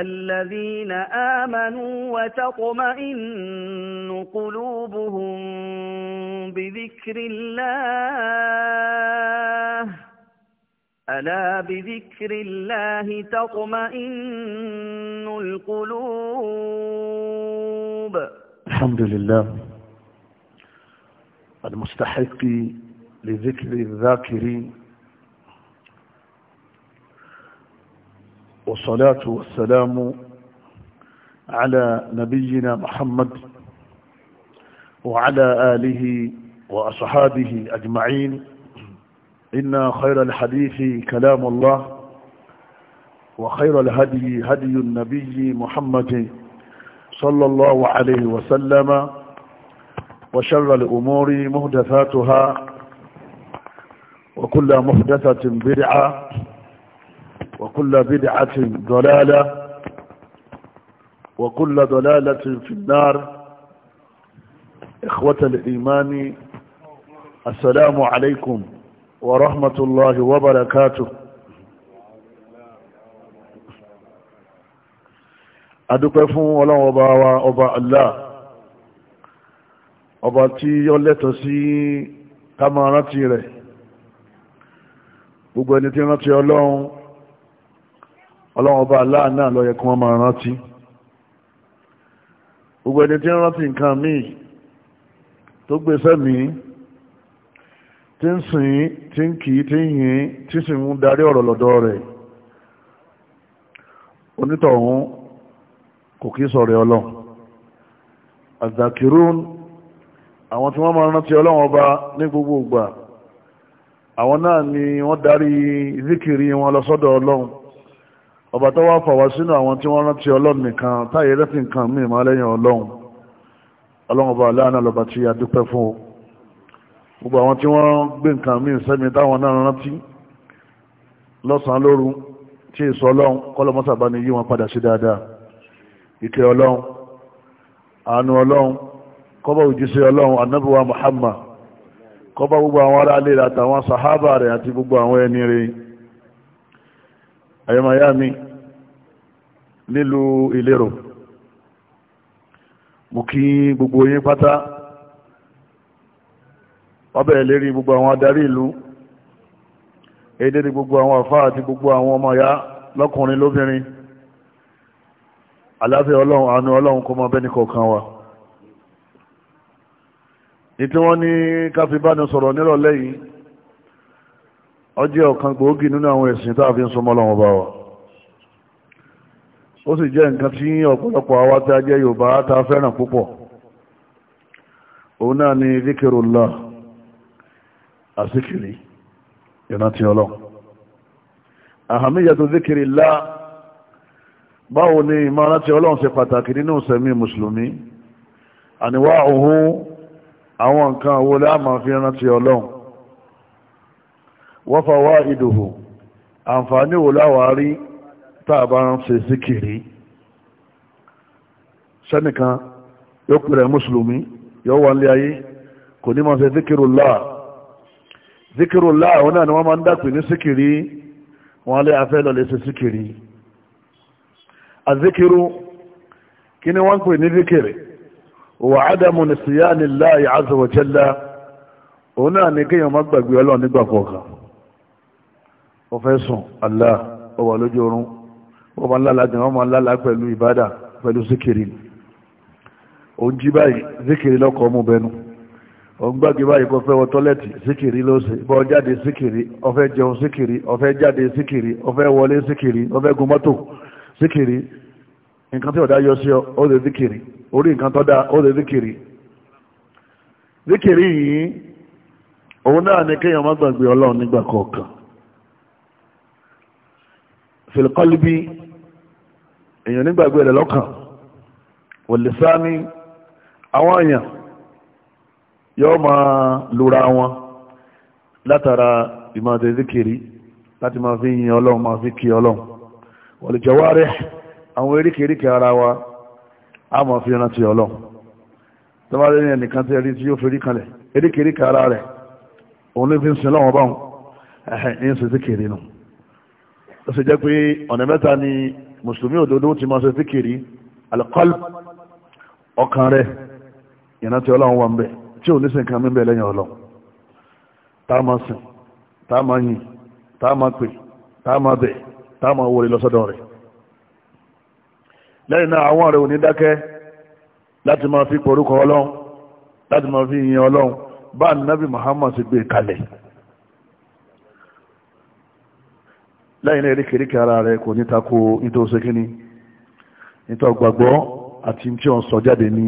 الذين آمنوا وتطمئن قلوبهم بذكر الله ألا بذكر الله تطمئن القلوب الحمد لله المستحق لذكر الذاكرين والصلاة والسلام على نبينا محمد وعلى آله وأصحابه أجمعين إن خير الحديث كلام الله وخير الهدي هدي النبي محمد صلى الله عليه وسلم وشر الأمور مهدثاتها وكل مهدثة برعة وكل بدعة ضلالة وكل ضلالة في النار إخوة الإيمان السلام عليكم ورحمة الله وبركاته adúpẹ́ fún ọlọ́run ọba wa ọba Allah ọba tí ó lẹ́tọ̀ sí ká máa rántí rẹ̀ gbogbo ẹni tí rántí ọlọ́run ọlọ́run ọba aláàánà ló yẹ kí wọ́n máa rántí gbogbo ẹni tí ń rántí nǹkan míì tó gbé sẹ́mi tí ń sìn tí ń kì í tí ń yìn tí sì ń darí ọ̀rọ̀ lọ́dọ̀ rẹ̀ onítọ̀hún kò kí sọ̀rọ̀ ọlọ́run àzàkìrún àwọn tí wọ́n máa rántí ọlọ́run ní gbogbo ìgbà àwọn náà ni wọ́n darí zikiri wọn lọ sọ́dọ̀ ọlọ́run ọba tó wá fàwá sínú àwọn tí wọ́n rántí ọlọ́run nìkan táyé rẹ́fì nǹkan míì máa lẹ́yìn ọlọ́run ọlọ́run ọba aláàánà lọ́ba tí a dúpẹ́ fún o gbogbo àwọn tí wọ́n gbé nǹkan míì sẹ́mi táwọn náà rántí lọ́sàn-án lóru tí èso ọlọ́run kọ́lọ́mọ́sàbá ni yí wọn padà sí dáadáa ìkẹ́ ọlọ́run àánú ọlọ́run kọ́bà òjíṣẹ́ ọlọ́run anábíwá Muhammad kọ́bà gbogbo àwọn ará ilé àtàwọn sàhábà rẹ̀ àti gbogbo àwọn ẹni rẹ̀ ayọ́mayá mi lilu ìlérò mú kí gbogbo yín pátá wọ́n bẹ̀rẹ̀ lérí gbogbo àwọn adarí ìlú èdè gbogbo àwọn àfá àti gbogbo àwọn ọmọ ya lọ́kùnrin lóbìnrin àláfíà ọlọ́run àánú ọlọ́run kọ mọ wa ní tí wọ́n ní káfí bá sọ̀rọ̀ nírọ̀lẹ́ yìí ọ̀kan gbòógì nínú àwọn ẹ̀sìn tá a fi wa ó sì jẹ́ nǹkan tí ọ̀pọ̀lọpọ̀ àwa tí a jẹ́ Yorùbá ta fẹ́ràn púpọ̀ òun náà ni zikirullah àsìkiri ìrántí ọlọ́run àhàmíyàtò zikirillah báwo ni ìmọ̀rántí ọlọ́run ṣe pàtàkì nínú ìsẹ̀mí mùsùlùmí àníwá òun àwọn nǹkan wo láàmà fi rántí ọlọ́run wọ́n wá ìdòhò àǹfààní wò láwàárí tá a bá ń ṣe síkìrí sẹ́nìkan yóò pèrè mùsùlùmí yóò wà nílé ayé kò ní máa ṣe zikirullah zikirullah àwọn náà ni wọ́n máa ń dàpè ní síkìrí wọ́n lé afẹ́ lọ lè ṣe síkìrí azikiru kí ni pè ní zikiri wà ádámù ní síyáni láàyè azza òun náà ni kéèyàn má gbàgbé ọlọ́run nígbà kọ̀ọ̀kan ó sùn Allah ó lójú oorun wọ́n ma lálàá jẹ́ wọ́n ma lálàá pẹ̀lú ìbádà pẹ̀lú zikiri o jí báyìí zikiri lọ́kọ̀ ọmọ bẹnu o ń gbági báyìí kọ́ fẹ́ wọ tọ́lẹ̀tì zikiri ló ṣe bọ́ jáde zikiri ọfẹ́ jẹun zikiri ọfẹ́ jáde zikiri ọfẹ́ wọlé zikiri ọfẹ́ gun mọ́tò zikiri nǹkan tí ọ̀dá yọ sí ọ ó lè zikiri orí nǹkan tó dá ó lè zikiri zikiri yìí òun náà ni kéèyàn má gbàgbé ọlọ́run nígbà kọ̀ọ̀kan fìlìkọ́líbí èyàn nígbàgbé rẹ̀ lọ́kàn sáàmì àwọn èèyàn yóò ma lura wọn látara ìmọ̀tẹ̀ zikiri láti máa fi yin ọlọ́run ma fi kí ọlọ́run wòlíjẹ̀wárẹ̀ àwọn eríkèríkè ara wa a fi rántí ọlọ́run tó ó sì jẹ́ pé ọ̀nà mẹ́ta ni mùsùlùmí òdodo ti máa ṣe fíkìrí alqalb ọkàn rẹ̀ ìrántí ọlọ́run wà ń bẹ̀ tí ò ní sin kan mímbẹ̀ lẹ́yìn ọlọ́run tá a máa sìn tá a máa yìn tá a máa pè tá a máa bẹ̀ tá a máa wọlé lọ́sọ́dọ̀ rẹ̀ lẹ́yìn náà àwọn rẹ̀ ò dákẹ́ láti máa fi porúkọ ọlọ́run láti máa fi yin ọlọ́run bá nàbì Muhammad sì gbé kalẹ̀ láìní erékèrékè ara rẹ̀ kò ní tako nítòsí kíní nítò gbàgbọ́ àti tí ó ń sọ jáde ní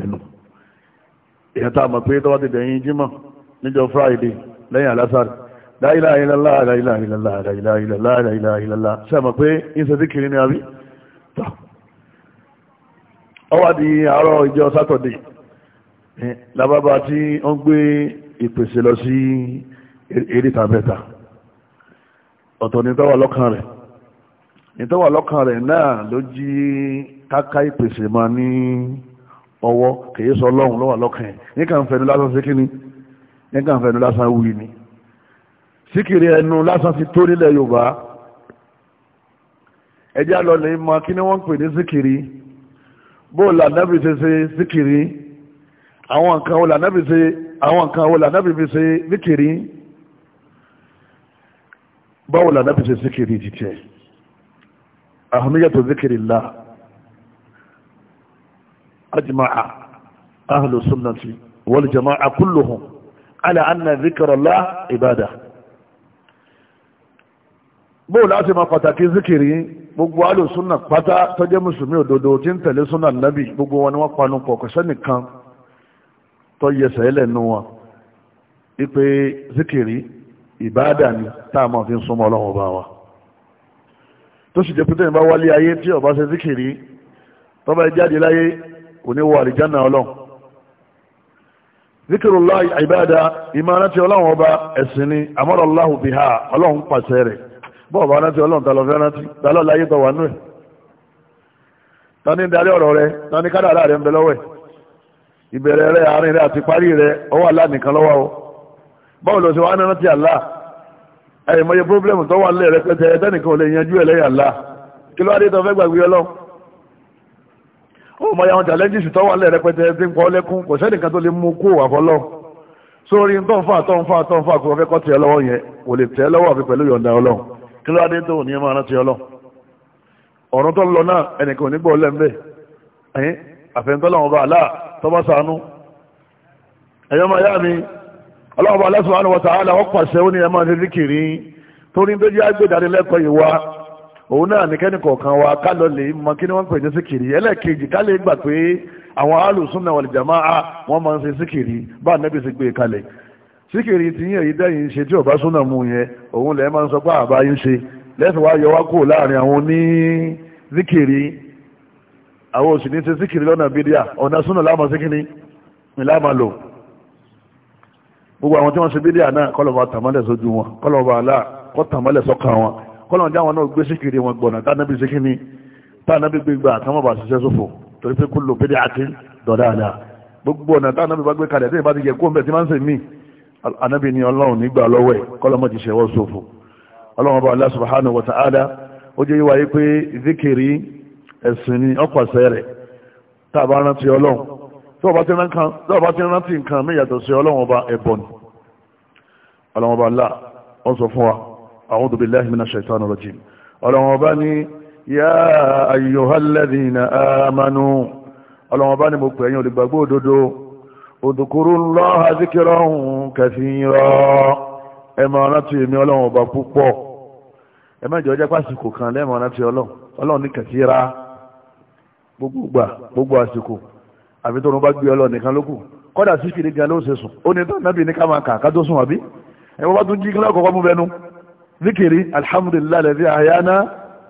ẹnu èyàn tá a mọ̀ pé tọ́wọ́ ti dẹ̀yìn jímọ̀ níjọ́ friday lẹ́yìn alásàrì láìlá ìlàlá àìlá ìlàlá àìlá ìlàlá àìlá ìlàlá ṣe mọ̀ pé ìṣẹ́ sí kiri ní àbí tọ́ ọwá di àárọ̀ ìjọ sátọ̀dẹ̀ lábábá tí ó gbé ìpèsè lọ sí eré tàbẹ́ta ọ̀tọ̀ ní tọ́wà lọ́kàn rẹ̀ ní tọ́wà lọ́kàn rẹ̀ náà ló jí káká ìpèsè ma ní ọwọ́ kìí sọ lọ́hùn lọ́wà lọ́kàn ẹ̀ níkan fẹnu lásán sí kíní níkan fẹnu lásán wí ni síkiri ẹnu lásán ti tó nílẹ̀ Yorùbá ẹjẹ́ àlọ́lẹ̀ ìmọ̀ kí ni wọ́n ń pè ní síkiri bóòlù ànábì ṣe ṣe síkiri àwọn nǹkan wo lànábì ṣe àwọn nǹkan wo lànábì fi ṣe síkiri. báwo la zikiri ṣe síkiri jíjẹ ahàmíyàtọ̀ zikiri la ajima'a ahlu sunnati wal jama'a kulluhum ala anna zikra ibada bóò láti máa pàtàkì zikiri gbogbo ahlu sunna pátá tó jẹ́ musulmi òdodo tí ń tẹ̀lé sunna gbogbo wani ni wọ́n panu to kọ̀ṣẹ́ nìkan ipe zikiri ìbáàdà ni tá fi ń súnmọ́ ọlọ́run ọba wa tó sì jẹ́ pé tẹ́yìn bá wálé ayé tí ọba ṣe síkìrí tọ́ba ẹ láyé kò ní wọ àlìjánà ọlọ́run zikirullah ibada ọlọ́run ọba ẹ̀sìn ni amarallahu ha ọlọ́run pàṣẹ rẹ̀ bọ́ọ̀ rẹ Tani rẹ ń bẹ lọ́wọ́ ẹ̀ ìbẹ̀rẹ̀ rẹ àárín rẹ àti parí rẹ ọwọ́ o báwo lọ sí wa anáná ti àlá ẹ̀yìn mọ́yẹ problem tó wà lẹ́rẹ́ pẹ́tẹ ẹ̀tẹ́nìkan lè yanjú ẹ̀ lẹ́yìn àlá kí ló wá dé tó fẹ́ gbàgbé ọlọ́ ọmọ ya wọn challenges tó wà lẹ́rẹ́ pẹ́tẹ ẹ̀ ti ń pọ́ lẹ́kún kò sẹ́nìkan tó lè mú kó àfọlọ́ sórí tó ń fà tó ń fà tó ń fà kó fẹ́ kọ́ tiẹ̀ lọ́wọ́ yẹn kò lè tẹ́ lọ́wọ́ àfi pẹ̀lú yọ̀ǹda ọlọ́run kí ló wá dé tó ní ẹ máa rántí ọlọ́run ọ̀run tó lọ náà ẹnìkan ò ní gbọ́ lẹ́m̀bẹ̀ ọlọ́run Allah subhanahu wa ta'ala wọ́n pàṣẹ ó ní ẹ ní zikiri torí tó jẹ́ agbèdàrí lẹ́kọ̀ọ́ yìí wá òun náà ní kẹ́ni kọ̀ọ̀kan wa ká lọ lè mọ kí ni wọ́n ń pè ní zikiri ẹlẹ́ẹ̀kejì ká gbà pé àwọn alùsùnà wal jamaa wọ́n máa ń ṣe zikiri bá nẹ́bí sì gbé e kalẹ̀ zikiri ti yín èyí dẹ́yìn ṣe tí ọba súnà mú yẹn òun lẹ́ẹ̀ máa ń sọ pé àbá yín ṣe lẹ́sìn wá yọ wá kúrò láàrin àwọn oní zikiri àwọn òsì ní ṣe zikiri lọ́nà bídíà ọ̀nà súnà láàmú zikiri ni láàmú lò gbogbo àwọn tí wọ́n ṣe bídíà náà kọ́lọ̀bà tàmálẹ̀ sójú wọn kọ́lọ̀bà aláà kọ́ tàmálẹ̀ sọ́kàn wọn kọ́lọ̀n jáwọn náà gbé síkiri wọn gbọ̀nà tánàbí síkíní tánàbí gbígbà àtàmọ́bà ṣiṣẹ́ sófò torí pé kúlò àti gbogbo ọ̀nà tánàbí bá gbé kalẹ̀ tí ìbá ti yẹ kó tí máa ń sè mí ọba a ọlọ́wọ́ba ńlá ó sọ fún wa a'udhu billahi minash shaitani rajim ọlọ́wọ́ba ní ya ayyuhalladhina amanu ọlọ́wọ́ba ní mo pè yín olùgbàgbọ́ òdodo udhkurullaha dhikran kathira ẹ máa rántí èmi ọlọ́wọ́ba púpọ̀ ẹ má jẹ́ ọjọ́ pàṣípò kan lẹ́ẹ̀mọ́ rántí ọlọ́run ọlọ́run ní kathira gbogbo gbogbo àsìkò àbí tó ń bá gbé ọlọ́run nìkan lókù kọ́dà sí fìdí gan ẹ̀wọ́n bá tún jí kílá kọ̀kọ́ mú bẹnu zikiri alhamdulillah lẹ́sí àyáná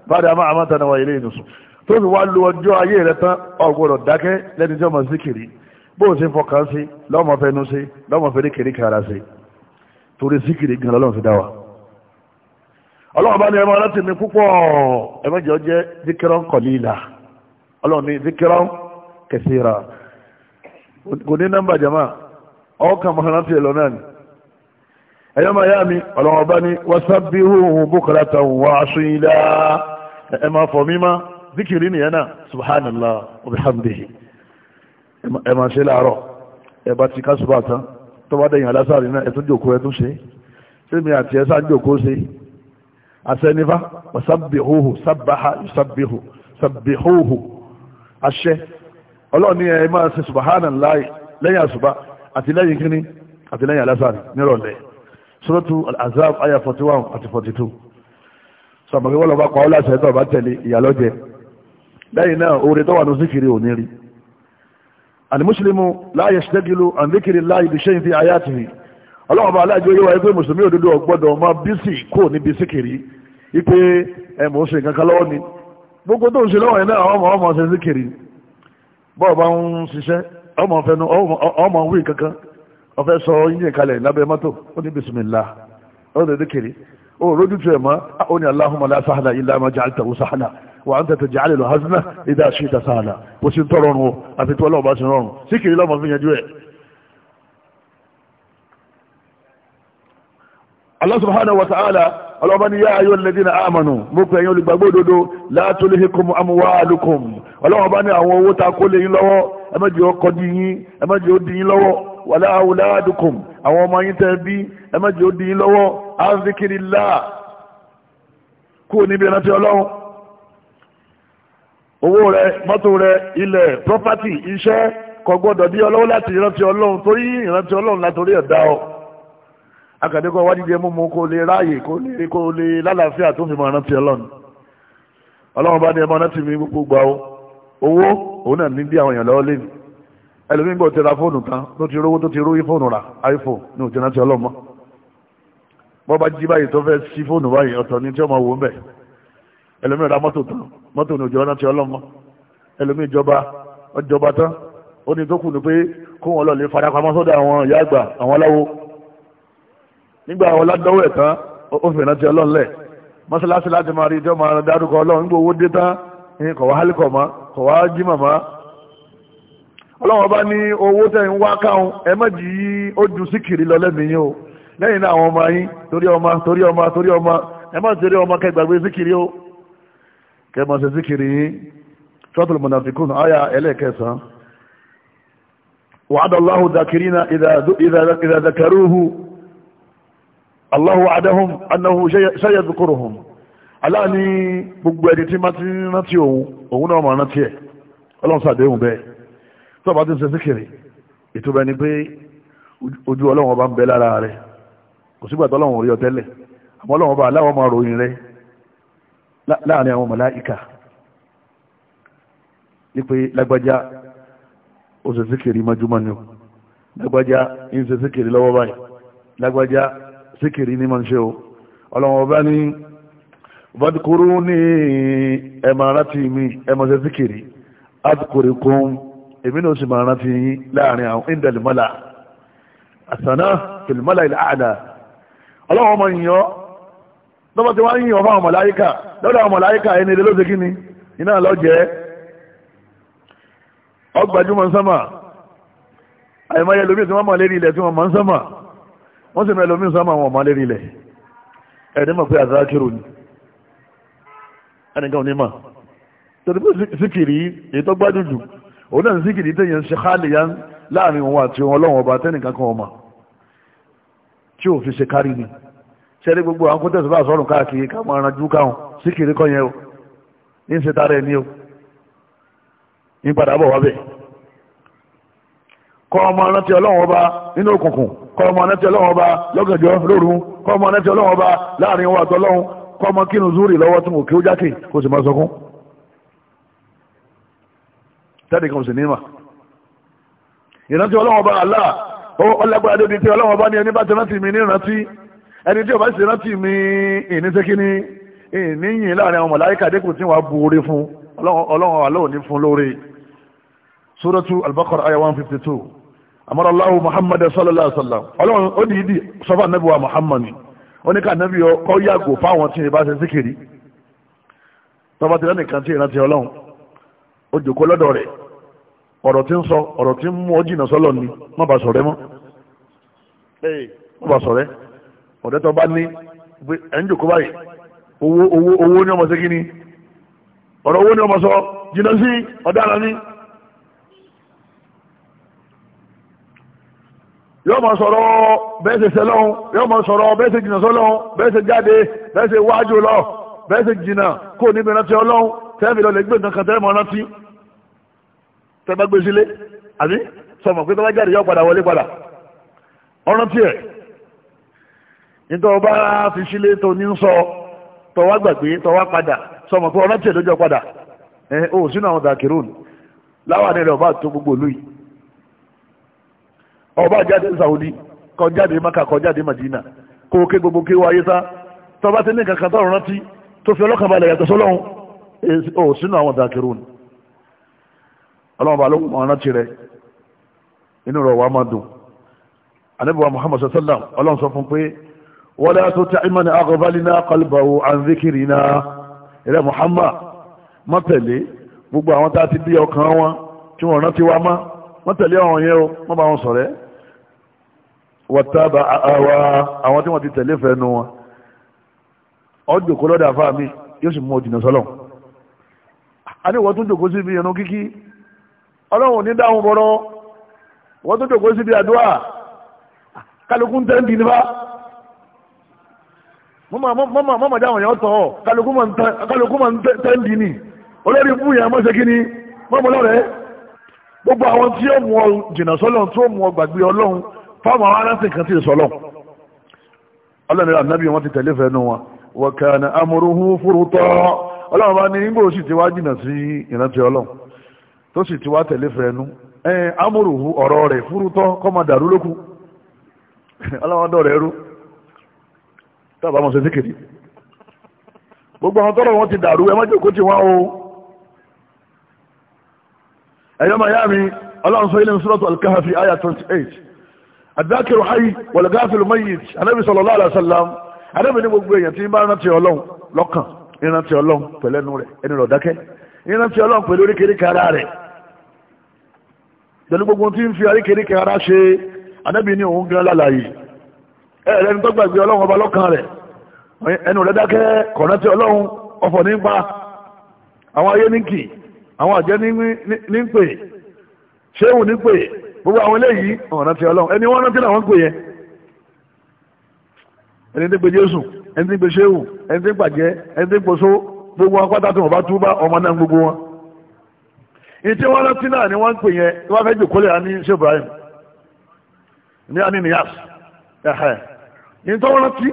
bada máa máa tànàwà ilé ìdùsùn tó fi wá lu ọjọ́ ayé rẹ̀ tán ọgbọ̀rọ̀ dákẹ́ lẹ́ni tí ọmọ zikiri bó o ṣe fọkàn sí lọ́mọ fẹnu sí lọ́mọ fẹ́rẹ́ kiri kara sí torí zikiri gan lọ́lọ́run fi dá wa ọlọ́run bá ní ẹmọ láti ní púpọ̀ ẹmọ́jọ jẹ́ zikiran kọ̀lílà ọlọ́run ní zikiran kẹsíra kò ní nọ́mbà jama ọkàn mọ́hánà ẹ̀yọ́ máa yá mi ọlọ́wọ́ bá ní wasabi huhu bukratan wa asila ẹ máa fọ̀ mímá zikiri nìyẹn náà subhanallah alhamdulilayi ẹ máa ṣe láàárọ̀ ẹ bá ti kásùbà tán tó bá dẹ̀yìn alásàrí náà ẹ tún jòkó ẹ tún ṣe sẹ́mi àti ẹ sáà jòkó ṣe asẹ́nifá wasabi huhu sábàá yusabihu sabihuhu aṣẹ ọlọ́ọ̀ni ẹ máa ṣe subhanallah lẹ́yìn àṣùbà àti lẹ́yìn kíní àti lẹ́yìn alásàrí nírọ̀lẹ́ suratu al-azab aya 41 àti 42 sọmọ kí wọ́n lọ bá pa ọ́ láṣẹ tó bá tẹ̀lé ìyàlọ́jẹ lẹ́yìn náà oore tó wà ní síkiri ò ní rí alimusilimu la yashtagilu an dhikrillahi bi shay'in fi hayatihi ọlọ́wọ́n bá ipe ẹ mò ń ṣe nǹkan kan lọ́wọ́ ni gbogbo tó ń ṣe lọ́wọ́ yẹn náà ọmọ ọmọ ṣe síkiri bọ́ọ̀ ọ̀fẹ́ sọ yíyìn kalẹ̀ lábẹ́ mọ́tò ó ní bisimilá ó lè dékèrè ó rójú tu ẹ̀ mọ́ ó ní aláhùnmá lásàhánà ilá máa jẹ́ àtàwọn sàhánà wà á ń tẹ̀tẹ̀ jẹ́ àlèlò hasina ìdá sí ìdá sàhánà bó sì ń tọrọ ọrùn o àfi tí ọlọ́ọ̀bá sì rọrùn sí kiri lọ́mọ fi yanjú ẹ̀. Allah subhanahu wa ta'ala ọlọ́ba ni yá ayọ́ lẹ́dínà àmànù mú pé ẹ̀yin olùgbàgbọ́ òdodo látòlé hikum amúwáàlùkùm ọlọ́ba ni àwọn owó ta kó lè yín lọ́wọ́ ẹ má jẹ́ ó di yín ẹ má jẹ́ ó di yín lọ́wọ́ wàlá awladukum àwọn ọmọ yín tẹ́ bí ẹ má jẹ́ ó di yín lọ́wọ́ azikirila kúrò níbi ìrántí ọlọ́run owó rẹ mọ́tò rẹ ilẹ̀ property iṣẹ́ kò gbọ́dọ̀ di ọlọ́wọ́ láti ìrántí ọlọ́run torí ìrántí ọlọ́run látòrí ẹ̀dá ọ akàdékọ̀ wádìí mú mú kó lè ráàyè kó lè lálàáfíà tó fi mọ̀ rántí ọlọ́run ọlọ́run bá ní ẹmọ rántí mi gbogbo gbà owó òun náà ní bí àwọn èèyàn lọ́wọ́ lẹ́nu ẹlòmí gbọ́ ti ra fóònù kan tó ti rówó tó ti rówó fóònù ra iphone ní òjìnà ti ọlọ́mọ bọ́ bá jí báyìí tó fẹ́ sí fóònù báyìí ọ̀tọ̀ ni tí ọmọ wò ń bẹ̀ ẹlòmí ra mọ́tò tán mọ́tò ní òjìnà ti ọlọ́mọ ẹlòmí ìjọba ọjọba tán ó ní tó kù ní pé kó wọn lọ lè farapamọ́ sọ́dọ̀ àwọn ìyá àgbà àwọn aláwo nígbà àwọn ládọ́wọ̀ ẹ̀ tán ó fìràn ti ọlọ́run ọlọ́wọ́n bá ní owó tẹ̀yìn wá káwọn ẹ má jì í síkìrì lọ lẹ́mìíyàn o lẹ́yìn náà àwọn ọmọ yín torí ọmọ torí ọmọ torí ọmọ ẹ má torí ọmọ o kẹ sí síkìrì yín sọ́tùlù mọ̀nàfikún àyà ẹlẹ́kẹsàn-án wàhádà Allahu dàkírínà ìdàdàkẹrúhu Allahu adahum annahu aláàní gbogbo ẹni tí má ti rántí òun òun náà mọ̀ rántí ẹ̀ ọlọ́run sàdéhùn tọ́ba tó ń ṣe síkìrì ètò bẹni pé ojú ọlọ́run ọba ń bẹ lára rẹ kò sígbà tó ọlọ́run rí ọ tẹ́lẹ̀ àmọ́ ọlọ́run ọba aláwọ̀ máa ròyìn rẹ láàrin àwọn màláíkà ní pé lágbájá ó ṣe síkìrì ni o lágbájá ń ṣe lọ́wọ́ báyìí lágbájá síkìrì ní máa o ọlọ́run ọba ní fadkuruni ẹ̀mọ̀ aráàtì mi ẹ̀mọ̀ ṣe síkìrì èmi náà sì máa rántí yín láàrin àwọn indẹ̀lìmọ́là àsànà fìlìmọ́là ilẹ̀ àdá ọlọ́wọ́ ọmọ yìnyọ́ lọ́wọ́ tí wọ́n ń yìnyọ́ fáwọn mọ̀láyíkà lọ́dọ̀ àwọn mọ̀láyíkà ẹni ilé lóṣèkí ni iná lọ́jẹ́ ọgbàjúmọ̀ ń sánmà àìmọye ẹlòmíì tí wọ́n mọ̀ lérí ilẹ̀ tí wọ́n mọ̀ ń sánmà wọ́n sì mọ ẹlòmíì sánmà wọn mọ̀ òun náà zikiri téèyàn ṣe káàlì yá láàrin òun àti òun ọlọ́run ọba tẹ́nìkan kan ọmọ tí ò fi ṣe kárí ni ṣẹ́rí gbogbo àwọn kó tẹ̀sán bá sọ̀rùn káàkiri káwọn aranjú káwọn zikiri kọ́ yẹn o ní ṣe tara ẹni o ní padà bọ̀ wábẹ̀ kọ́ ọmọ arántí ọlọ́run ọba nínú òkùnkùn kọ́ ọmọ arántí ọlọ́run ọba lọ́gànjọ́ lóru kọ́ ọmọ arántí ọlọ́run ọba láàrin òun àtọ́lọ́run kọ́ ọmọ kínú zúrì lọ́wọ́ tí mo kí ó jákè kó sì máa sọkún tẹ́lẹ̀ kan sì ní mà ìrántí ọlọ́wọ́n bá àlá ọlọ́gbà débi tí ọlọ́wọ́n bá ní ẹni bá ti rántí mi ní ìrántí ẹni tí ó bá sì rántí mi ìní ṣe kíní ìní yìn láàrin àwọn mọ̀láyíkà dẹ́kun tí wàá bu fún ọlọ́wọ́n àlọ́ òní fún lórí suratu al-Baqarah aya one fifty two amara Allahu Muhammad sallallahu alaihi wa sallam ọlọ́wọ́n ó dìídì sọ́fà nàbíwá Muhammad ó ní ká nàbíyọ kọ́ yàgò fáwọn tí ì ó jòkó lọ́dọ̀ rẹ̀ ọ̀rọ̀ tí ń sọ ọ̀rọ̀ tí ń mú ọ jìnnà sọ́lọ̀ ni má bàa sọ̀rẹ́ mọ́ má bàa sọ̀rẹ́ ọ̀dẹ́ tó bá ní ẹ̀ ń jòkó báyìí owó owó owó ní ọmọ sí kíni ọ̀rọ̀ owó ní ọmọ sọ jìnnà sí ọ̀daràn ni yóò máa sọ̀rọ̀ bẹ́ẹ̀ ṣe sẹ́lọ́hún yóò máa sọ̀rọ̀ bẹ́ẹ̀ ṣe jìnnà sọ́lọ́hún bẹ́ẹ̀ ṣe jáde bẹ́ẹ̀ ṣe wájú lọ bẹ́ẹ̀ ṣe jìnnà kó níbi rántí ọlọ́hún tẹ́ẹ̀fì lọ lè gbé nǹkan kan tẹ́ẹ̀ mọ́ rántí tẹ́ẹ̀ bá gbé sílé àbí sọmọ pé tọ́lá jáde yọ padà wọlé padà ọ̀ràn tiẹ̀ nítorí ọba fi sílé tó ní ń sọ tọwá gbàgbé tọwá padà sọmọ pé ọ̀ràn tiẹ̀ lójọ padà ẹ ò sínú àwọn dàkírùn láwọn àdéhùn ọba tó gbogbo ìlú yìí ọba jáde Saudi kọjáde Maka kọjáde Madina kó o ké gbogbo ké wáyé sá tọba ti ní kankan tó rántí tó fi ọlọ́kàn balẹ̀ yàtọ̀ sọ́lọ́hún ó oh, sínú àwọn dàkírù ni ọlọ́run bá ló mọ̀ ọ́nà tirẹ̀ inú rẹ̀ wà á máa dùn anábìwá muhammad sallam ọlọ́run sọ fún pé wala tuti'man aghfalna qalbahu an dhikrina ilẹ̀ muhammad mọ́tẹ̀lé gbogbo àwọn tá a ti bí ọkàn wọn tí wọ́n rántí wa má mọ́tẹ̀lé àwọn yẹn o wọ́n bá wọn sọ̀rẹ́ wọ́tábà àwa àwọn tí wọ́n ti tẹ̀lé fẹ́ nu wọn ọdún kó lọ́dà fáàmì yóò sì mú òjìnà àní ìwọ́n tún jòkó síbi ìrun kíkí ọlọ́run ní dáhùn bọ́rọ́ ìwọ́n tún jòkó síbi àdúrà kálukú ń tẹ́ǹtì nípa mọ́mọ́ dáhùn yẹn tọ̀ kálukú mọ̀ olórí fún yẹn mọ́ mọ́mọ́ lọ́rẹ́ gbogbo àwọn tí ó mú ọ jìnnà tí ó mú ọ gbàgbé ọlọ́run fáwọn àwọn kan ti ọlọ́run wọn ti tẹ̀lé wọn ọlọ́run bá ní nígbò sì ti wá jìnnà sí ìrántí ọlọ́run tó sì ti wá tẹ̀lé fẹ́ẹ́nu ẹ amúrùhù ọ̀rọ̀ rẹ̀ fúrútọ́ kọ́ máa dàrú lókù ọlọ́run dọ̀rẹ́ rú tábà gbogbo àwọn tọ́rọ̀ wọn ti dàrú ẹ má jókòó tì wọ́n o ẹ̀yọ́ màyá mi ọlọ́run sọ ilé ní aya twenty eight adakiru hayi wọ̀lẹ̀gáfẹ́lú mẹ́yìí anábì sallallahu alaihi wasallam gbogbo èèyàn tí ń bá rántí ọlọ́run lọ́kàn ìrántí ọlọ́run pẹ̀lú ẹnu rẹ̀ ẹni rọ̀ dákẹ́ ìrántí ọlọ́run pẹ̀lú oríkèéríkè ara rẹ̀ pẹ̀lú gbogbo tí ń fi oríkèéríkè ara ṣe anábì ní òun gan lálàyé ẹ̀rẹ́ni tó gbàgbé ọlọ́run ọba lọ́kàn rẹ̀ ẹnu rẹ̀ dákẹ́ kọ̀rántí ọlọ́run ọ̀fọ̀ nípa àwọn ayé ní kì àwọn àjẹ́ ní pè ṣéwù ní pè gbogbo àwọn eléyìí ọ̀rántí ọlọ́run ẹni wọ́n rántí làwọn pè yẹn ẹni tó gbé Jésù ẹni tí ń pe ṣéwù ẹni tí ń pàjẹ́ ẹni tí ń poṣó gbogbo wọn pátá tí wọn bá túbá ọmọ náà gbogbo wọn. ìtí wọn rántí náà ni wọn ń pè yẹn wọn fẹ́ jòkólẹ̀ àní ṣé Ibrahim ní àní niyas ẹ̀hẹ̀ ìtọ́wọ́rántí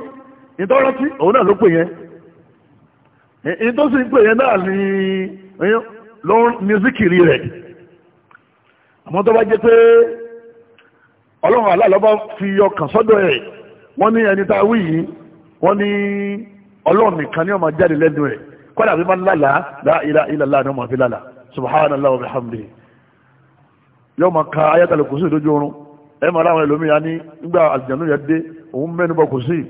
ìtọ́wọ́rántí òun náà ló pè yẹn ìtọ́sí ń pè yẹn náà ní ló ń mìsíkìrì rẹ̀ àmọ́ tó bá jẹ́ pé ọlọ́run aláàlọ́bá fi ọkàn sọ́dọ̀ ẹ̀ wọ́n ní ẹni tá a wí yìí wọ́n ní ọlọ́run nìkan ní ó máa jáde lẹ́nu ẹ̀ kọ́dà bí máa ń lálà la ilaha illallah ni ó máa fi lálà subhanallah wa bihamdihi yóò máa ka ayatul kursi lójú oorun ẹ máa láwọn ẹlòmíyàn ní nígbà àlùjànnú yẹn dé òun mẹ́nu bá kursi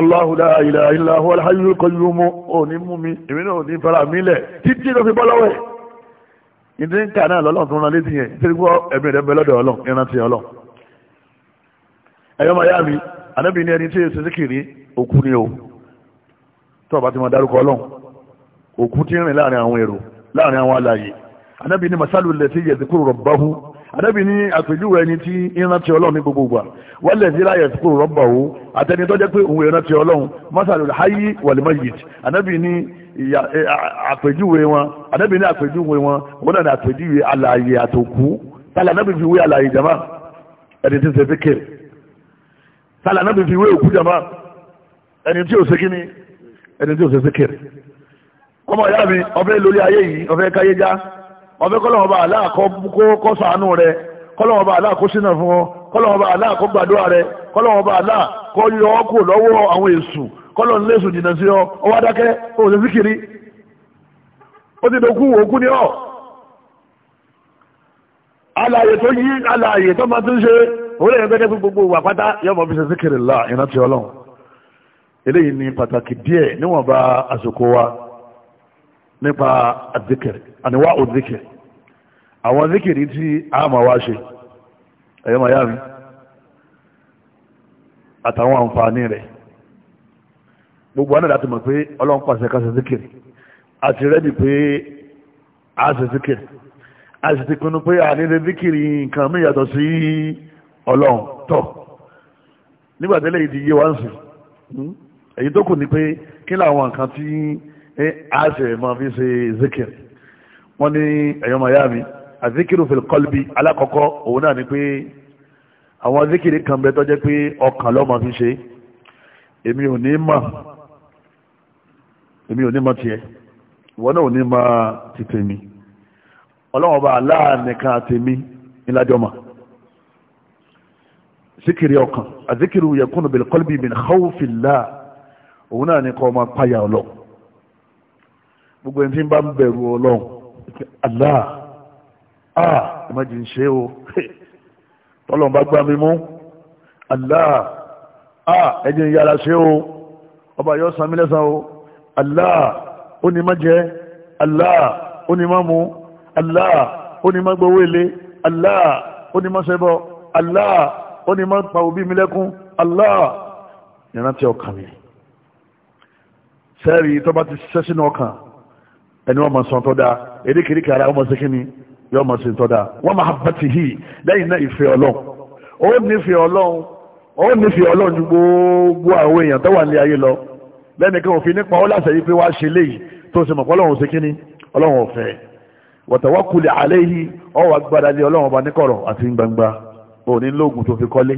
Allahu la ilaha illa huwal hayyul qayyum òní mú mi èmi náà òní fara mi lẹ̀ títí ló fi bọ́ lọ́wọ́ ẹ̀ ìdí ń kà náà lọ́lọ́run tó ń rán létí yẹn anábì ní ẹni tí èsì síkìrí òkú ni o tó bá ti mọ dárúkọ ọlọ́run òkú ti rìn láàrin àwọn èrò láàrin àwọn alààyè anábì ní masalu lẹ́sí yẹ̀sìkú rọ̀báhù anábì ní àpèjúwe ẹni tí ìrántí ọlọ́run ní gbogbo ìgbà wọ́n lẹ̀ sí láyẹ̀sìkú rọ̀báhù àtẹni tó jẹ́ pé òun ìrántí ọlọ́run masalu hayi wàlímáyìt anábì ní àpèjúwe wọn anábì ní àpèjúwe wọn wọ́n náà àpèjúwe alààyè àtòkú tálà anábì fi wé alààyè jama ẹni tí ń ṣe tala náà bí fi wé òkú jama ẹni tí o ṣe kíní ẹni tí ò ṣe síkìrì ọmọ mi ọfẹ lórí ayé yìí ọfẹ káyé já kọlọmọ bá rẹ kọlọmọ bá aláà kó sínà fún ọ kọlọmọ bá kó gbàdúrà rẹ kọlọmọ bá yọ ọ àwọn kọlọ nílé èṣù jìnnà sí ọ ọwọ ó ti òun lẹ́yìn gbẹ́dẹ́ gbogbo wà pátá yọmọ bí ṣe síkiri la ìrántí ọlọ́run eléyìí ni pàtàkì díẹ̀ níwọ̀nba àsìkò wa nípa àdìkìrì àníwá òdìkìrì àwọn àdìkìrì tí a máa wá ṣe ẹ̀yọ́ màá yá mi àtàwọn àǹfààní rẹ̀ gbogbo àná láti mọ̀ pé ọlọ́run pàṣẹ ká ṣe síkiri àti rẹ́bi pé a ṣe síkiri a sì ti pinnu pé àní lè díkìrì nǹkan mí yàtọ̀ sí i ọlọ́run tọ̀ nígbà tẹ́lẹ̀ yìí ti yé wá ń hmm, èyí tó kù ni pé kí làwọn nǹkan tí eh, a ṣe máa fi ṣe zikir wọ́n ní ẹ̀yọ́ màyá mi azikiru fil qalbi alákọ̀ọ́kọ́ òun náà ni pé àwọn zikiri kan bẹ tó jẹ́ pé ọkàn ló máa fi ṣe èmi ò ní mọ̀ èmi ò ní mọ̀ tiẹ̀ ìwọ náà ò ní mọ̀ ti tèmi ọlọ́wọ́n bá aláàánìkan tèmi ńlájọ́ mọ̀ zikiri ọkàn àzikiri yakunu bil qalbi min khawfillah òun náà ní kọ́ ọmọ apáyà ọlọ́run gbogbo ẹni tí ń bá ń bẹ̀rù ọlọ́run Allah ah ìmájì ń ṣe o tọ́lọ̀ bá gbá mi mú Allah ah ẹjẹ́ ń yára ṣe o ọba yóò san mí lẹ́san o Allah ó ní má jẹ Allah ó ní má mu Allah ó ní má gbowó ilé Allah ó ní má ṣẹbọ Allah ó ní má pa òbí mi lẹ́kún Allah ìrántí ọkàn mi sẹ́ẹ̀rì tó bá ti ṣiṣẹ́ sínú ọkàn ẹni wọ́n máa sọ tó dáa èdèkèdèkè ara wọ́n máa ṣe kí ni yọ́ máa ṣe tó dáa wọ́n máa bá ti hì lẹ́yìn náà ìfẹ́ ọlọ́run ó nífẹ̀ẹ́ ọlọ́run ó nífẹ̀ẹ́ ọlọ́run ju gbogbo àwọn èèyàn tó wà ní ayé lọ lẹ́nìkan òfin nípa ó láṣẹ yìí pé wá ṣe léyìí tó ṣe mọ̀ ọlọ́run ṣe kí ni ọlọ́run ọ̀fẹ́ wọ̀tẹ̀wọ́kulẹ̀ àléyìí ọwọ́ agbára lé ọlọ́run ọba níkọ̀rọ̀ àti gbangba òní lóògùn tó fi kọ́lé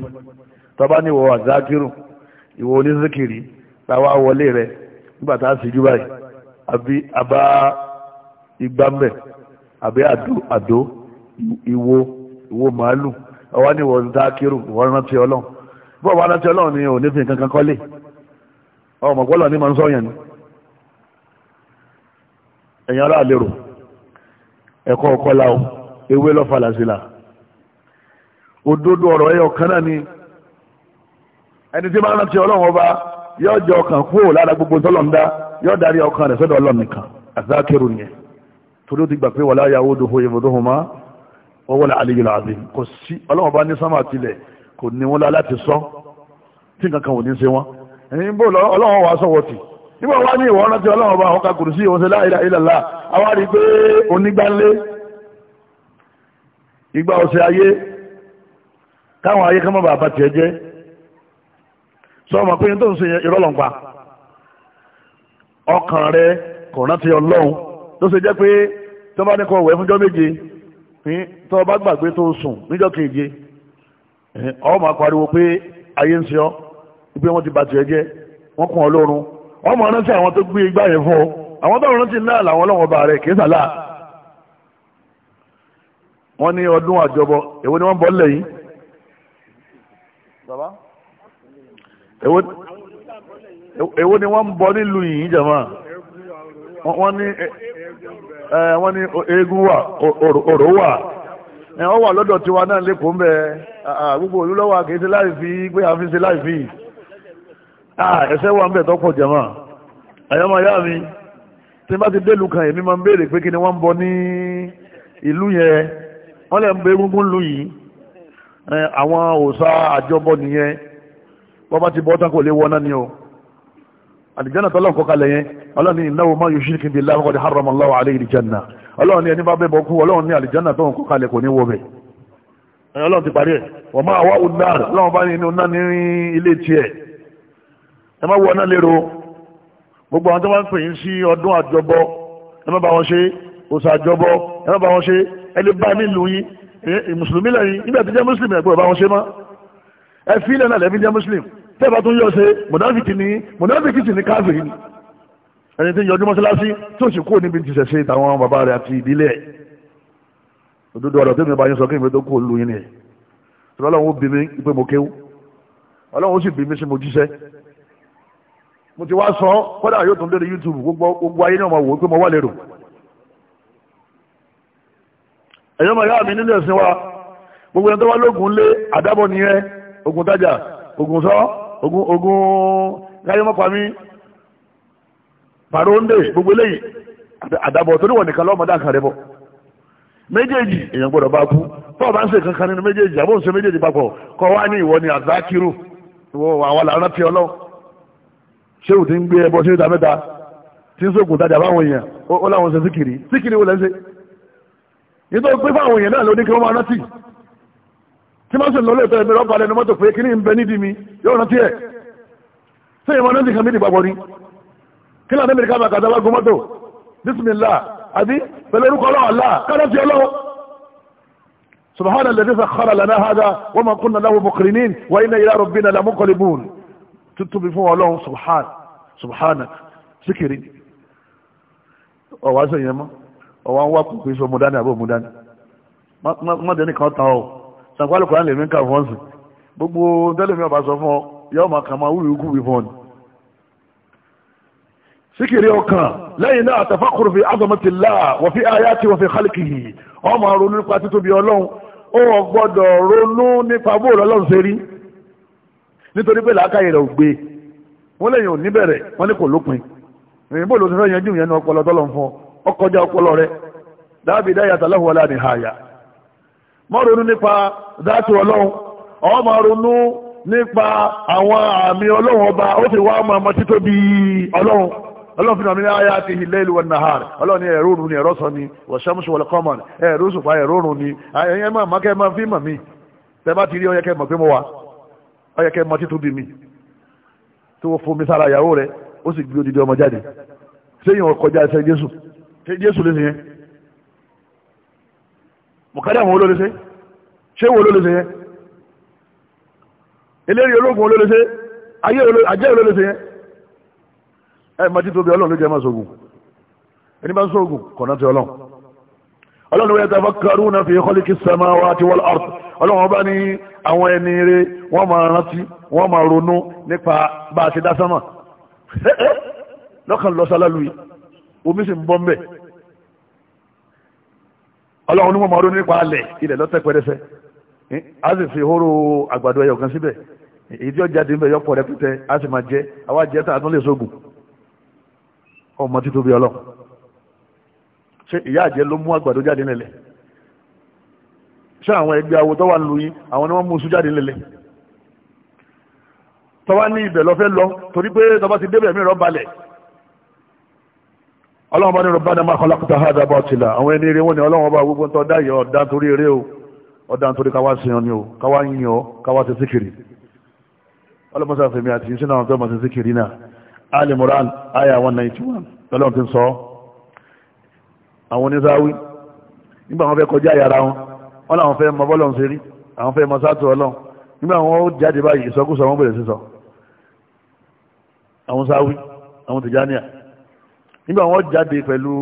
tọ́bá ní ìwọ̀ àzákírù ìwọ̀ oníṣíkìrí láwá wọlé rẹ̀ nígbàtà sí jú báyìí àbí àbá igbámbẹ̀ àbí àdó ìwo ìwo màálù ọwá ní ìwọ̀ àzákírù ìwọ̀ rántí ọlọ́run bọ́ wà rántí ọlọ́run ni òní fi kankan kọ́lé ọmọ gbọ́lọ̀ ní ma ń sọ́yàn ni ẹ̀yàn aláàlérò ẹ̀kọ́ ọkọ́ láwọ ewé lọ́fà làṣìlá òdodo ọ̀rọ̀ ẹyọ kan náà ni ẹni tí máa ń rántí ọlọ́run ọba yóò jẹ ọkàn kúrò lára gbogbo tọ́lọ́run dá yóò darí ọkàn rẹ̀ sọ́dọ̀ ọlọ́run nìkan àzákẹ́rù yẹn torí ó ti gbà pé wala ya'uduhu hifdhuhuma wa huwa al-'aliyyul 'azim kò sí ọlọ́run ọba ní sámà tilẹ̀ kò ní wọn láti sọ tí nǹkan kan ò ní ṣe wọn ẹ̀yin bó ọlọ́run wa sọ̀wọ́ tì nígbà wá ní ìwọ rántí ọlọ́run ọba àwọn kakùrù sí ìwọ́n ṣe la ilaha illallah àwa rí i pé onígbàlé ìgbà ọ̀sẹ̀ ayé káwọn ayé kọ́mọ́ bàbá tiẹ̀ jẹ́ sọ ma pé tó ń ṣe ìrọ́lọ́npa ọkàn rẹ kò rántí ọlọ́run tó ṣe jẹ́ pé tó bá ní kọ́ wẹ̀ fúnjọ́ méje tó bá gbàgbé tó sùn níjọ́ keje ọ máa pé ayé ń pé wọ́n ti jẹ́ wọ́n kún ọlọ́run rántí àwọn tó gbé igbá yẹn fún ọ àwọn tó rántí náà làwọn ọlọ́wọ́n bá kì í sàlá wọ́n ní ọdún àjọbọ ewo ni wọn ń bọ nílùú yìí jàmá wọn ní wọ́n ní eégún wà wà wà tiwa náà lẹ́kọ̀ọ́ ń bẹ gbogbo òlú lọ́wọ́ àkéésí láì fi pé a fi ṣe láì fi ẹsẹ̀ wà ń bẹ mi tí n bá ti délùú kan èmi máa ń béèrè pé kí ni bọ ní ìlú yẹn lè ń bẹ àwọn òsà àjọbọ nìyẹn bọ́bá ti bọ́ tán kò lè wọ́ná ni o àlìjánà tọ́lọ̀ kọ́ kalẹ̀ yẹn ọlọ́ni ìnáwó máa yóò ṣírí kìndì láwọn ọdí haram Allahu alayhi ìjánà ọlọ́ni ẹni bá bẹ́bọ̀ kú ọlọ́ni àlìjánà tó ń kọ́ kalẹ̀ kò ní wọ́ bẹ̀ ọlọ́run ti parí ẹ̀ wọ́n máa wá unar ọlọ́run bá ní inú náà ní ilé tiẹ̀ ẹ má wọ náà lérò gbogbo àwọn tó máa ń pè yín sí ọdún àjọbọ ẹ má bá wọn ṣe òsà àjọbọ ẹ má bá wọn ṣe ẹ lè bá nílùú yín Eh, mùsùlùmí lẹ́yìn nígbà tí jẹ́ mùsùlùmí ẹ̀gbọ́n ọba wọn ṣe mọ́ ẹ fi ilẹ̀ náà lẹ́bí jẹ́ mùsùlùmí tẹ́ẹ̀bá tún yọ ṣe mùnáfíkì ní mùnáfíkì sì ní káfíìn ni ẹni tí ń yọjú mọ́ṣáláṣí tí ó sì kúrò níbi ti ṣẹ̀ṣe tàwọn bàbá rẹ̀ àti ìdílé ẹ̀ òdodo ọ̀rọ̀ tẹ́mi bá yín sọ kí èmi tó kú olú yín ni ẹ̀ tọ́lá ọlọ́run ó bí mi pé mo kéwú ọlọ́run ó sì bí mi sí mo jíṣẹ́ mo ti wá sọ kọ́dà yóò tún dé YouTube gbogbo ayé náà máa wò ó pé mo wà lérò ẹ̀yọ́ mọ̀ yáà mi nílé ẹ̀sìn wa gbogbo ẹni tó wá lógun lé àdábọ̀ nìyẹn ogun tájà ogun sọ ogun ogun káyọ́mọ́pamí pàróńdè gbogbo eléyìí àdábọ̀ torí wọ̀ nìkan lọ́mọdé àkàrẹ́ bọ̀ méjèèjì èèyàn gbọ́dọ̀ bá kú tó o bá ń ṣe kankan nínú méjèèjì àbó ń ṣe méjèèjì papọ̀ kọ́ wá ní ìwọ ni àzákírù ìwọ àwọn làárọ̀ fi ọlọ́ ṣéwù ti ń gbé ẹbọ ṣéwù ta mẹ́ta tí ń sókun tajà báwọn èèyàn ó láwọn ṣe síkìrì síkìrì wo lẹ́ nítorí pé fáwọn èèyàn náà ló ní kí wọ́n máa rántí tí máa ń sìn lọ́lọ́ ìtọ́ ìbẹ̀rẹ̀ ọ̀pá lẹ́nu mọ́tò pé kíní ń bẹ nídìí mi yóò rántí ẹ̀ tí èèyàn máa rántí kan méjì papọ̀ ni kí láti mẹ́rin ká máa kàtà wá gun mọ́tò bísímìlá àbí pẹ̀lú orúkọ ọlọ́wọ́ Allah káràtì ọlọ́wọ́ subhana alladhi sakhkhara mọ́ ọwọ́ ń wá pípé sọ mú dání àbò mú dání mọ́tẹ́ nìkan tán ọ sàǹkwálùkù á lè mí kà fọ́n sí gbogbo tẹ́lẹ̀mí ọba sọ fún ọ yóò máa kà máa wúlò ikú wí fún ọ ni. síkìrì ọkàn lẹ́yìn náà àtàfàkùrù fi azamatillah wọ́n fi ayati wọ́n fi khalqihi ọmọ ronú nípa títóbi ọlọ́run ó gbọ́dọ̀ ronú nípa bóòlù ọlọ́run ṣe rí nítorí pé làákàyè rẹ̀ ò gbé wọ́n lẹ́yìn ò níbẹ̀rẹ̀ wọ́n ní kò lópin èyí bóòlù ti fẹ́ yanjú yẹn ní ọpọlọ tọ́lọ́ fún ọ ọkọjá ọpọlọ rẹ dábì dáyàtà lọ́wọ́ wọlé àníhàyà mọ́ ronú nípa dáàtì ọlọ́run ọ̀hún máa ronú nípa àwọn àmì ọlọ́run ọba ó sì wá máa mọ títóbi ọlọ́run ọlọ́run fún mi ní ayé àti ilé ìlú wọn ọlọ́run ní ẹ̀rọ òrùn ní ẹ̀rọ sọ ni wọ̀ṣẹ́mùsùn wọlé kọ́mọ̀n ẹ̀rọ òṣùpá ẹ̀rọ òrùn ni fi mọ̀ mí bá ti rí ọyẹ kẹ́ mọ̀ pé mo wà ọyẹ kẹ́ mi fún mi sára ìyàwó ó sì gbé odidi ọmọ jáde ọkọjá jésù lè ṣe yẹn mọ̀kádà àwọn olóòlù ṣe ṣé wo olóòlù ṣe yẹn eléyìí ológun olóòlù ṣe ayé ajẹ́ olóòlù ṣe yẹn ẹ mọ títóbi ọlọ́run ló jẹ́ máa sógun ẹni bá ń sógun kọ̀nà ti ọlọ́run ọlọ́run wọ́n yẹta fọ́kàrú náà fi kọ́líkì sẹ́mà wá ti wọ́n ọ̀rọ̀ ọlọ́run ọba ní àwọn ẹni rẹ wọ́n máa rántí wọ́n máa ronú nípa bá a ti dá sánmà lọ́kàn lọ́sálálùyí omi sì ń bọ́ mbẹ́ ọlọ́run ní wọ́n máa ronú nípa alẹ̀ ilẹ̀ lọ́tẹ̀ pẹ́rẹsẹ̀ a sì fi hóró àgbàdo ẹyọ kan síbẹ̀ èyí tí ó jáde ń bẹ yọpọ̀ rẹ pípẹ́ a sì máa jẹ àwa jẹ tá a tún lè sógun ọmọ títóbi ọlọ́run ṣé ìyá àjẹ ló mú àgbàdo jáde nílẹ̀ ṣé àwọn ẹgbẹ́ awo tó wà lù yín àwọn ni wọ́n mú un jáde nílẹ̀ tọ́wá ní ibẹ̀ lọ́fẹ́ lọ torí pé tọ́ba ti débẹ̀ mí rọ́ balẹ̀ ọlọ́run bá ní rabbana ma khalaqta hadha batila àwọn ẹni eré wọn ni ọlọ́run bá gbogbo tó dá yẹ ọ̀dá torí eré o ọ̀dá torí káwá sí ọ ni o káwá yìn káwá ti síkìrì ọlọ́run fèmí àti sínú àwọn tó mọ̀ sí síkìrì náà Ali Imran aya 191 ọlọ́run ti sọ àwọn oníṣáwí nígbà wọn fẹ́ kọjá yàrá wọn wọn làwọn fẹ́ mọ bọ́lọ̀ ń ṣe rí àwọn fẹ́ mọ sátọ̀ ọlọ́run nígbà nígbà wọ́n jáde pẹ̀lú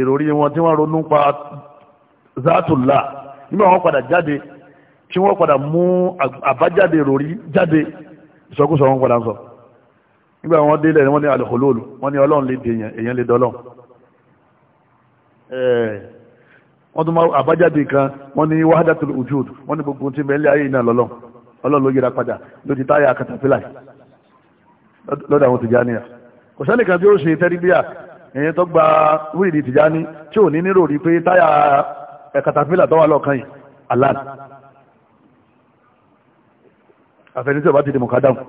ìròrí wọn tí wọ́n ronú pa zaatullah nígbà wọ́n padà jáde tí wọ́n padà mú àbájáde ìròrí jáde ìsọkúsọ wọn padà ń sọ nígbà wọ́n délẹ̀ ni wọ́n ní alìkòlóòlù wọ́n ní ọlọ́run lè dèèyàn èèyàn lè dọ́lọ́ wọ́n tún máa àbájáde kan wọ́n ní wahdatul wujud wọ́n ní gbogbo tí mẹ́lẹ́ ayé iná lọ́lọ́ ọlọ́run ló yẹra padà ló táyà katapila lọ́dọ̀ àwọn tìjáníyà kò sẹ́nìkan tí ó ṣe tẹ́ríbíà ẹ̀yìn tó gba wíìlì Tìjání tí ò ní nírò rí pé táyà katapila tó wà lọ́ọ̀kan yìí aláàdì àfẹ́ni tí ò bá ti di mọ̀kádàmù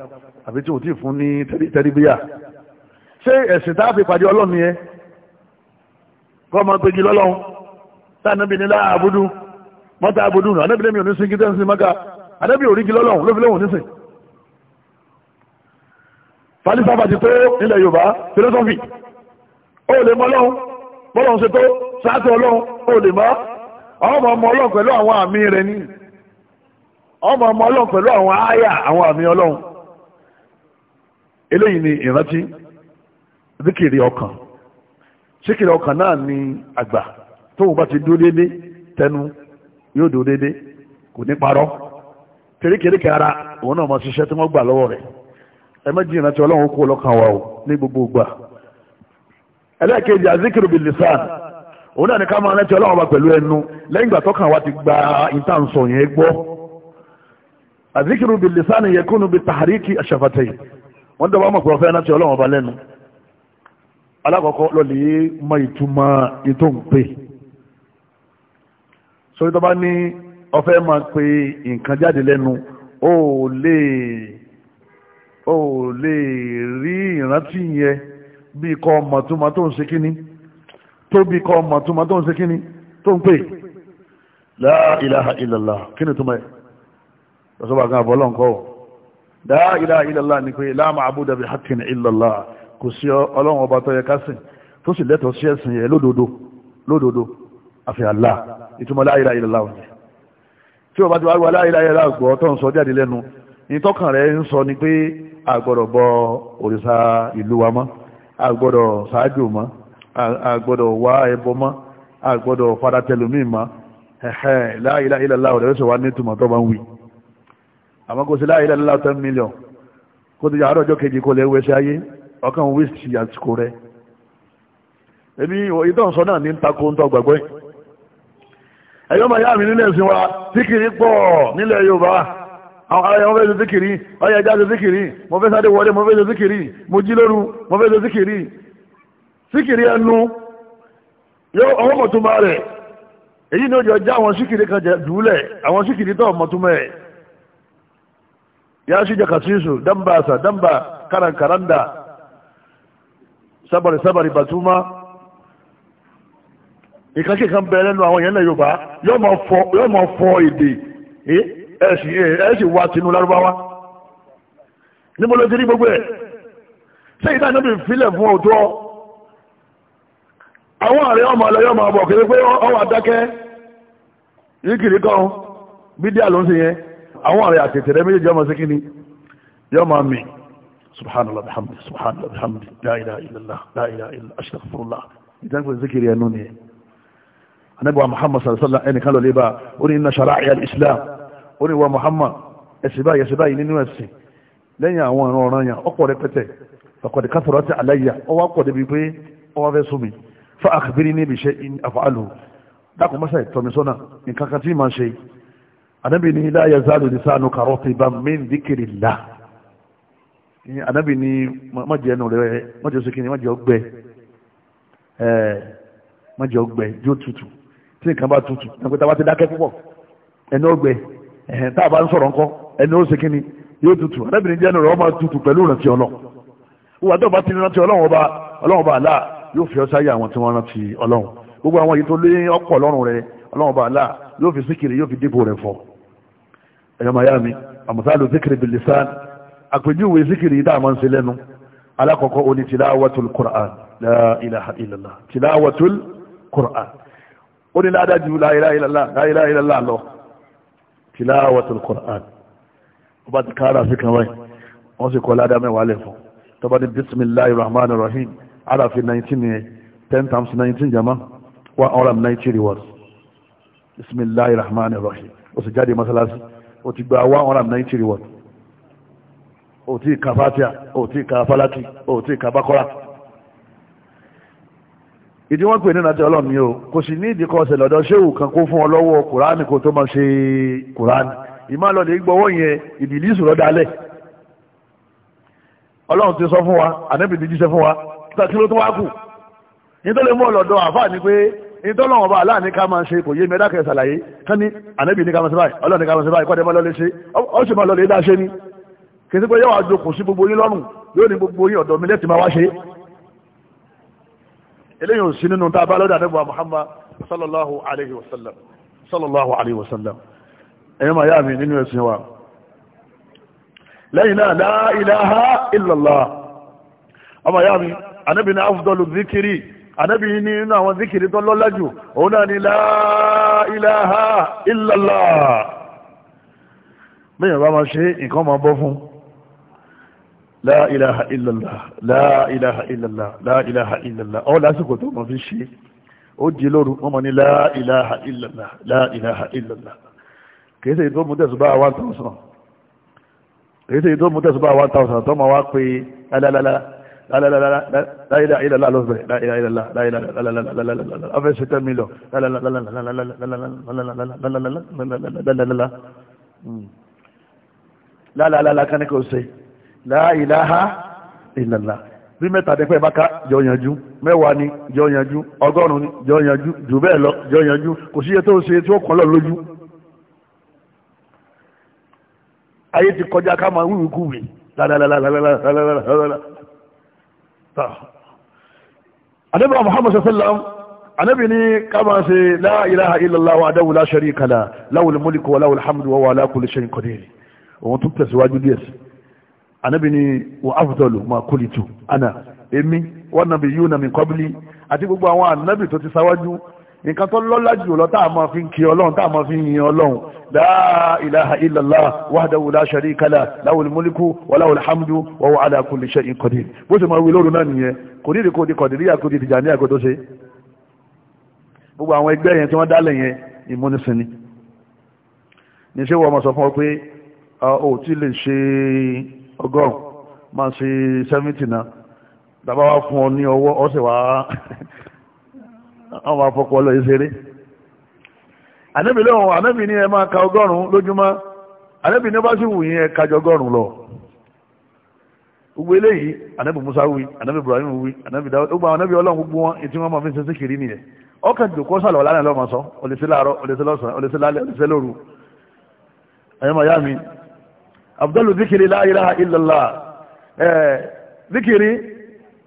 àbí tí ò tí fún ní tẹ́ríbíà ṣé ẹ̀sìn tá a fi pàdé ọlọ́run yẹn kọ́ ọmọ péjì lọ́lọ́run tá ànábì ní láàbùdù mọ́tà àbùdù náà ànábì lẹ́mi ò ní sin kí tẹ́ǹsì mọ́ka ànábì ò rí kí lọ́lọ́run ló fi lẹ́wọ̀n nísìn falisafa ti tó ilẹ̀ yorùbá philosophy ó lè mọ ọlọ́run bọ́lọ́run ṣe tó sáàtì ọlọ́run ó lè mọ́ ọmọ ọmọ ọlọ́run pẹ̀lú àwọn àmì rẹ̀ ní ọmọ ọmọ ọlọ́run pẹ̀lú àwọn àyà àwọn àmì ọlọ́run eléyìí ni ìrántí zikiri ọkàn zikiri ọkàn náà ni àgbà tóun bá ti dúró déédéé tẹnu yóò dúró déédéé kò ní parọ́ kérékèrékè ara òun náà mọ ṣiṣẹ́ tí wọ́n gbà lọ́wọ́ rẹ̀ ẹ̀mẹ́jì ìrántí ọlọ́run kó lọ́kàn wa o ní gbogbo ìgbà ẹlẹ́ẹ̀kejì azikiru bil òun náà ni ká máa rántí ọlọ́run wa pẹ̀lú ẹnu lẹ́yìn ìgbà tọ́kàn wa ti gba ìtànsọ̀ yẹn gbọ́ azikiru bil lisan yakunu bi tahriki ash-shafatayn wọ́n dọ̀bọ̀ mọ̀ pé ọ̀fẹ́ rántí ọlọ́run ọba lẹ́nu alákọ̀ọ́kọ́ lọ lè mọ ìtumọ̀ ètò ń pè sórí ní ọ̀fẹ́ máa pe nǹkan jáde lẹ́nu ó lè o lè rí ìrántí yẹn bí kọ́ mọ̀túnmọ̀ tó ń ṣe kíní tó bí kọ́ mọ̀túnmọ̀ tó ń ṣe kíní tó ń pè la ilaha illallah kíni túmọ̀ ẹ̀ lọ́sọ́bà kan àbọ̀ lọ́nkọ́ la ilaha illallah ni pé la ma'buda bi haqqin illallah kò sí ọlọ́run ọba tó yẹ ká sìn tó sì lẹ́tọ̀ọ́ sí ẹ̀sìn yẹn lódodo lódodo àfi Allah ìtumọ̀ la ilaha illallah òní tí o bá ti wá wá la ilaha illallah gbọ́ tó ń sọ jáde lẹ́nu ìtọ́kàn rẹ̀ ń sọ ni pé agbọ́dọ̀ bọ òrìṣà ìlú wa mọ́ agbọ́dọ̀ ṣáájú mọ́ agbọ́dọ̀ wá ẹbọ mọ́ agbọ́dọ̀ fara tẹlómi mọ́ ẹ̀hẹ́ la ilaha illallah ọ̀rẹ́ ṣe wá la ilaha ten million kó ti yàrá ọjọ́ kejì kò lè wẹsẹ̀ ayé ọkàn wíṣì àsìkò rẹ̀ mi nílẹ̀ sí wa tí kì àwọn ará yẹn wọ́n zikiri zikiri mo fẹ́ sáré wọlé mo fẹ́ zikiri mo jí lóru mo fẹ́ zikiri ẹnu yóò ọwọ́ rẹ̀ èyí ni ó jọ já àwọn zikiri kan jẹ dùúlẹ̀ àwọn zikiri tó mọ̀túnmá ẹ̀ karan karanda sabari sabari batuma bẹ̀rẹ̀ lẹ́nu àwọn yẹn náà yóò bá yóò mọ̀ fọ èdè ẹ̀ẹ́sì wá tinú lárúbáwá níbo ló ti rí gbogbo ẹ̀ sẹ́yìn náà níbi ìfilẹ̀ fún ọ̀tọ́ àwọn ààrẹ ọmọ alẹ́yọ́ máa bọ̀ kéré pé ọwọ́ adákẹ́ yíkìrí kan bídíà ló ń ṣe yẹn àwọn ààrẹ àtẹ̀tẹ̀rẹ́ méjèèjì ọmọ sí kíni yọ máa mì subhanallah bihamdi subhanallah bihamdi la ilaha illallah la ilaha illallah astaghfirullah ìdánkù zikiri ẹnu ni anabi wa muhammad ó wa Muhammad ẹ̀sìn báyìí ẹ̀sìn báyìí nínú ẹ̀sìn lẹ́yìn àwọn ọ̀ràn ọ̀ràn yẹn ọ̀pọ̀ rẹpẹtẹ fàkọ̀dé kásọ̀rọ̀ ti àlàyé ọwọ́ pọ̀ pé ọwọ́ fẹ́ mi fa àkàbírí níbi iṣẹ́ àfàálù dákun mọ́sà ìtọ́misọ́nà nǹkan kan tí màá ṣe anábì ní la yazalu ní mọ̀jẹ̀ ẹnu rẹ̀ bá ti ẹnu ẹ̀hẹ̀n tá a bá ń sọ̀rọ̀ ńkọ́ ẹni ó ṣe kíni yóò tutù arábìnrin jẹ́ nìrọ̀ ọmọ tutù pẹ̀lú ìrántí ọlọ́ wọ́n tó bá ti ní rántí ọlọ́run ọba ọlọ́run ọba àlá yóò fi ọsáyà àwọn tí wọ́n rántí ọlọ́run gbogbo àwọn yìí tó lé ọkọ̀ ọlọ́run rẹ ọlọ́run ọba àlá yóò fi síkìrì yóò fi dìbò rẹ fọ ẹ̀yọ́ mayami àmùsálù síkìrì bìlìsán àpèjúwe síkìrì dá àmọ́ ṣe lẹ́nu alákọ̀ọ́kọ́ oní tìláwàtul qur'an la ilaha illallah tìláwàtul qur'an ó ní ládàjú la ilaha illallah la ilaha illallah lọ tilawatul Qur'an ó bá ti kára sí kan wáyé wọ́n sì kọ́ ládá mẹ́wàá lẹ̀ fún tó bá ní bisimilahi rahman rahim arafi 19 yẹn 10 times 19 jama 190 rewards bisimilahi rahman rahim ó sì jáde masalasi ó ti gba 190 rewards ó ti ka fatia ó ti ka falaki ti ka ìdí wọ́n pè nínú àti ọlọ́run yìí o kò sì ní ìdíkọ̀ ọ̀sẹ̀ lọ́dọ̀ ṣéwù kan kó fún ọ lọ́wọ́ kùránì kó tó máa ṣe kùránì ìmọ̀ lọ́dẹ̀ gbọ́wọ́ yẹn ìbílí ìṣòro dalẹ̀ ọlọ́run ti sọ fún wa ànábì ti jíṣẹ́ fún wa kíta kí ló tó wá kù nítorí mú ọlọ́dọ̀ àfáà ni pé nítorí wọn bá aláàní ká máa ṣe kò yé mẹ́ta kẹsà láyé kán ní ànábì ní ká máa ṣe báyìí ọlọ́run ní ṣe eléyìí ò sí nínú tá a bá lọ́dọ̀ àdébùwà Muhammad sallallahu alayhi wa sallam sallallahu alayhi wa sallam ẹ̀yẹ́ máa yá mi nínú ẹ̀sìn wa lẹ́yìn náà la ilaha illallah ọmọ ya mi anábi ní afdọ́lù zikiri anábi ní inú àwọn zikiri tó lọ́lájù òun náà ni la illallah mẹ́yàn bá ma ṣe nǹkan ma bọ́ fún la ilaha illallah la ilaha illallah la ilaha illallah ọ lásìkò tó mọ̀ fi ṣe ó di lóru wọ́n mọ̀ ní la ilaha illallah la ilaha illallah kìí ṣe tó mú tẹ̀sùbá 1000 kìí ṣe tó mú tẹ̀sùbá 1000 tó mọ̀ wá pé lálálálá láìlá ìlàlá lọ́sẹ̀ láìlá ìlàlá láìlá ìlàlá afẹ́ ṣe tẹ́ mílọ̀ lálálálá kan ní kò ṣe la ilaha illallah bí mẹ́ta dẹ́pẹ́ bá ká jọ yanjú mẹ́wàá ni jọ yanjú ọgọ́rùn-ún ni jọ yanjú jù bẹ́ẹ̀ lọ jọ yanjú kò síye tó ṣe tí ó kàn lọ lójú ayé ti kọjá ká máa wíwí kú wì lálálálálálálálálálá ànábì Muhammad sallam ànábì ní ká máa ṣe la ilaha illallah wahdahu la sharika lah lahul mulku wa lahul hamdu wa huwa ala kulli shay'in qadir òun tún tẹ̀síwájú díẹ̀ sí anabi ni wa afdalu ma kulitu ana èmi wọn nàbí yíò nàmí kọ́bílì àti gbogbo àwọn anabi tó ti sáwájú nǹkan tó lọ́lá jù lọ tá a máa fi kí ọlọ́run tá a máa fi yin ọlọ́run la ilaha illallah wahdahu la sharika lah lahul mulku wa lahul hamdu wa huwa ala kulli shay'in qadir bó ṣe máa wí lóru náà nìyẹn kò ní ìdíkò kọ̀dìrí àkó ti tìjà ní àkó tó ṣe gbogbo àwọn ẹgbẹ́ yẹn tí wọ́n dálẹ̀ yẹn ìmúnisìn ni ṣé wọ́n mọ̀ sọ fún ọ pé ó ti lè ṣe ọgọ́rùn máa ṣe sẹ́mìtì náà tàbá wá fún ọ ní ọwọ́ ọ̀sẹ̀ wá àwọn afọ́kọ́ ọlọ́ ìṣeré ànábì lẹ́wọ̀n ànábì ní ẹ máa ka ọgọ́rùn lójúmọ́ ànábì ní bá sì wù yín ẹ kájọ ọgọ́rùn lọ gbogbo eléyìí ànábì Musa wí ànábì Ibrahim wí ànábì Dawud gbogbo àwọn ànábì Ọlọ́run gbogbo wọn ètí wọn máa fi ń sẹ́sẹ́ kiri nìyẹn ọkàn jòkó sàlọ̀ lánàá lọ́mọ sọ ó lè ṣe láàárọ̀ ó lè ṣe lọ́sàn ó lè ṣe lálẹ́ ó lè ṣe lóru ẹ̀yọ́ màyá mi abdullu zikiri la ilaha illallah ẹ̀ eh, zikiri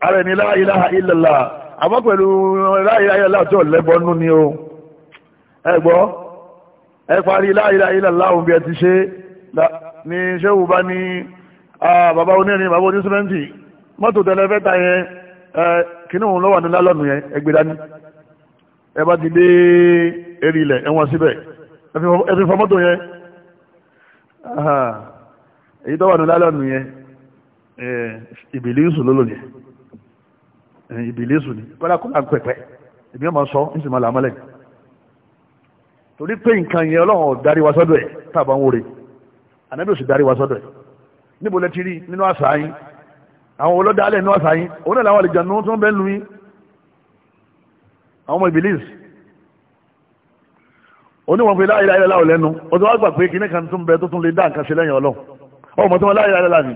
ara ni la ilaha illallah àmọ́ pẹ̀lú la ilaha illallah tó lẹ́bọ̀ nú ni o ẹ gbọ́ ẹ parí la ilaha illallah òun bí ẹ ti ṣe ni ṣéwù bá ní bàbá onírin bàbá onísúmẹ́ntì mọ́tò tẹ́lẹ̀ fẹ́ ta yẹn kínú òun lọ́wọ́ ní lálọ́nù yẹn ẹgbẹ́ dání ẹ bá ti dé eré ilẹ̀ ẹ̀wọ̀n síbẹ̀ ẹ fi fọ mọ́tò yẹn èyí tó wà ní lálẹ́nu yẹn ìbìlísù ló lónìí ìbìlísù ni kọ́lá kọ́lá ń pẹ̀pẹ́ èmi ọmọ sọ ń sì máa làmọ́lẹ̀ torí pé nǹkan yẹn ọlọ́run ò darí wa sọ́dọ̀ ẹ̀ tàbá ń wòre ànábì ò sì darí wa sọ́dọ̀ ẹ̀ níbo lẹ ti rí nínú àṣà yín àwọn olódàálẹ̀ nínú àṣà yín òun náà làwọn àlejò tó ń bẹ́ lu yín àwọn ọmọ ìbìlísù oníwọ̀n pé láìláìlá ò lẹ́nu ó ti gbà pé kinní ọmọ tí wọ́n láyé láyé ní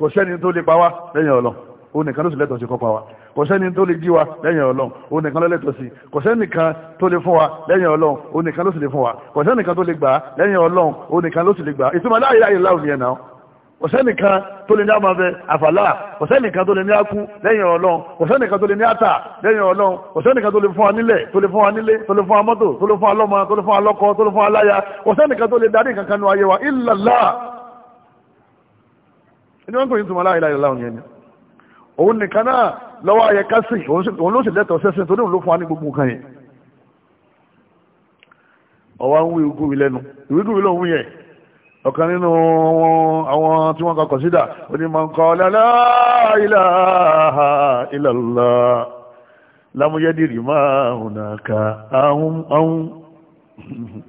kò sẹ́ni tó lè pa wá lẹ́yìn ọlọ́run ó nìkan ló sì lẹ́tọ̀ọ́ sí kó pa wá kò sẹ́ni tó lè jí wa lẹ́yìn ọlọ́run ó nìkan ló lẹ́tọ̀ọ́ sí kò sẹ́nìkan tó lè fún wa lẹ́yìn ọlọ́run ó nìkan ló sì lè fún wa kò sẹ́nìkan tó lè gbà lẹ́yìn ọlọ́run ó nìkan ló sì lè gbà ìtumọ̀ láyé láyé láwùjọ yẹn náà kò sẹ́nìkan tó lè ní àmọ́ abẹ àfàlà kò sẹ́nìkan tó lè ní akú lẹ́yìn ọlọ́run kò sẹ́nìkan tó lè ní àtà lẹ́yìn ọlọ́run kò sẹ́nìkan tó lè fún wa nílẹ̀ tó lè fún wa nílé tó lè fún wa mọ́tò tó lè fún wa lọ́mọ tó lè fún wa lọ́kọ tó lè fún wa láya kò sẹ́nìkan tó lè darí kankan nu ayé wa illallah ẹni wọ́n ń pèyí túnmọ̀ láìláì láwọn yẹn ni òun nìkan náà lọ́wọ́ ayẹ kásì òun ló sì lẹ́tọ̀ọ́ sẹ́sìn tó ní òun ló fún wa ní gbogbo nǹkan yẹn ọwọ́ ń wí ìgúwì lẹ́nu ìwígúwì lóhun yẹn ọ̀kan nínú àwọn tí wọ́n kọkọ̀ sídà ó ní man qala la ilaha illallah lam yadri ma hunaka ahun ahun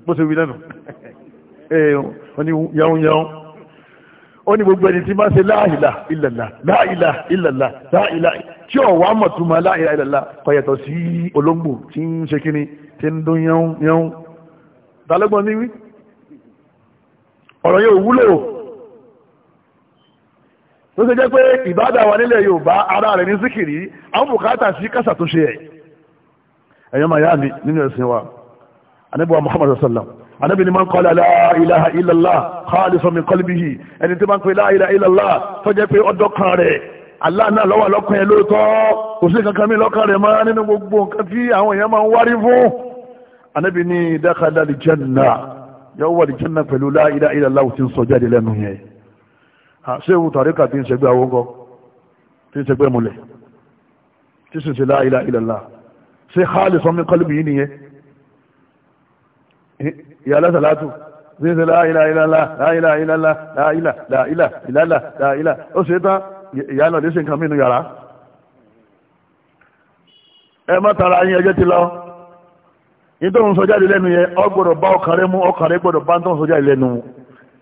bó ṣe wí lẹ́nu ẹ̀ẹ́n wọ́n ní yáhùn yáhùn ó ní gbogbo ẹni tí máa ń ṣe láàìlà ìlàlà láàìlà ìlàlà láàìlà tí ò wá mọ̀ túmọ̀ láàìlà ìlàlà kọ̀yàtọ̀ sí olóńgbò tí ń ṣe kíni tí ń dún yán yán dalẹ́gbọ́n ní wí ọ̀rọ̀ yóò wúlò tó ṣe jẹ́ pé ìbádà wa nílẹ̀ Yorùbá ara rẹ̀ ní síkìrì àwọn bùkátà sí kásà tó ṣe ẹ̀ ẹ̀yọ́ màyá mi nínú ẹ̀sìn wa anábọ̀ Muhammad sallallahu anábìnrin máa ń kọ́ la ilaha illallah khalisun min qalbihi ẹni tí máa ń pè la ilaha illallah tó jẹ́ pé ọdọ́ kan rẹ̀ Allah náà ló wà lọ́kàn ẹ̀ lóòótọ́ kò sí kankan mi lọ́kàn rẹ̀ máa nínú gbogbo nǹkan tí àwọn èèyàn máa ń wárí fún anábìnrin dakhala al-janna yóò wà al-janna pẹ̀lú la ilaha illallah tí ń sọ jáde lẹ́nu yẹn ṣé ewu tàríkà tí ń ṣẹgbẹ́ àwọn ọkọ̀ tí ń ìyá alásàlátù ṣe ń ṣe láìlà ìlàlà láìlà ìlàlà láìlà láìlà ìlàlà láìlà ó ṣe tán ìyá náà lè ṣe nǹkan mìíràn ẹ ma tara yín ẹjẹ́ ti lọ nítorí òun sọjáde lẹ́nu yẹn ọ gbọ́dọ̀ bá ọkàn rẹ mú ọkàn rẹ gbọ́dọ̀ bá ń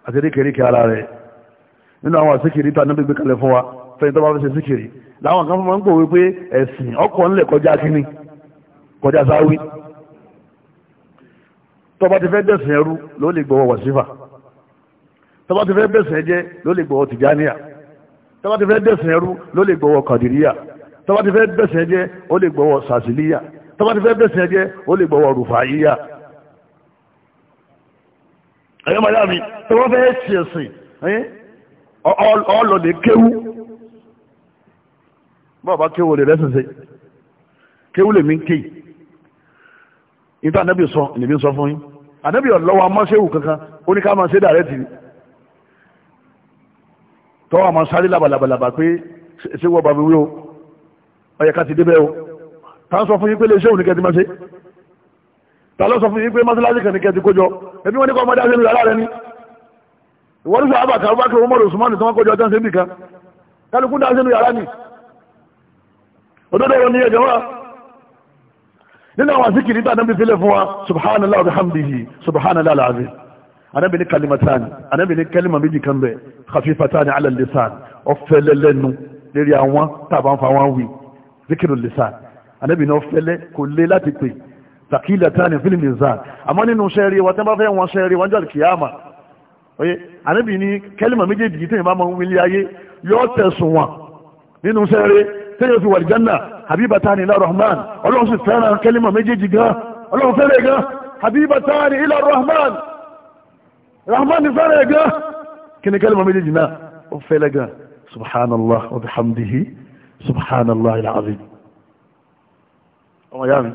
àti ara nínú àwọn níbi fún wa tọba ti fẹ́ dẹ̀sìn ẹrú ló lè gbọ́wọ́ wàsífà tọba ti fẹ́ dẹ̀sìn ẹjẹ́ ló lè gbọ́wọ́ tìjáníà tọba ti fẹ́ dẹ̀sìn ẹrú ló lè gbọ́wọ́ kàdìríà tọba ti fẹ́ dẹ̀sìn ẹjẹ́ ó lè gbọ́wọ́ sàsìlíà tọba ti fẹ́ dẹ̀sìn ẹjẹ́ ó lè gbọ́wọ́ rùfàyíyà ẹ̀yọ́ màdá mi tọba fẹ́ ṣẹ̀sìn ọlọ́dẹ kéwú bọ́ọ̀bá kéwú lè lẹ́sẹ̀sẹ̀ kéwú lè mí kéyì ìtàn Ànábì sọ lè sọ fún yín ànábì ọ̀lọ́wọ́ amáṣẹ́wù kankan ó ní ká máa ṣe dàrẹ́tì tọ́wọ́ àmọ́ sáré làbàlàbàlàbà pé ṣé wọ́n bá mi wí o ó yẹ ká ti débẹ̀ o ta ń sọ fún yín pé léṣẹ́ òní kẹ́tì máa ṣe ta ló sọ fún yín pé mọ́ṣáláṣí kan ní kẹ́tì kójọ ẹbí wọ́n ní kọ́ ọmọdé aṣẹ́nu yàrá ni ìwọ́n sọ àbàkà abákẹ́ ọmọdé òsùnmọ́nì tí wọ́n kójọ ọjọ́ ṣe bì kálukú dá yàrá ni òdodo ọ̀rọ̀ ni ẹ̀jẹ̀ wọn nínú àwọn àzíkìrí tá anábì fílẹ̀ fún wa subhanallah wa bihamdihi subhanallah alazim anábì ní kalimatan anábì ní kalima méjì kan bẹ khafifatan ala lisan ọfẹlẹ lẹ́nu lérí àwọn tàbá ń fa wọn wí zikiru lisan anábì ní ọfẹlẹ kò lé láti pè takilatan fil mizan àmọ́ nínú sẹ́ẹ̀rí wa tẹ́ bá fẹ́ wọn sẹ́ẹ̀rí wọn jọ́lì kìyàmà oye anábì ní kalima méjèèjì tẹ́yìn bá máa yóò tẹ̀sùn wọn nínú sẹ́ẹ̀rí tẹ́yìn fi wà حبيبة حبيبتان الى الرحمن الله سبحانه كلمه ما يجي جيجا الله حبيبة حبيبتان الى الرحمن الرحمن فرقا كنا كلمه ما يجي جنا وفلقا سبحان الله وبحمده سبحان الله العظيم ويان يعني.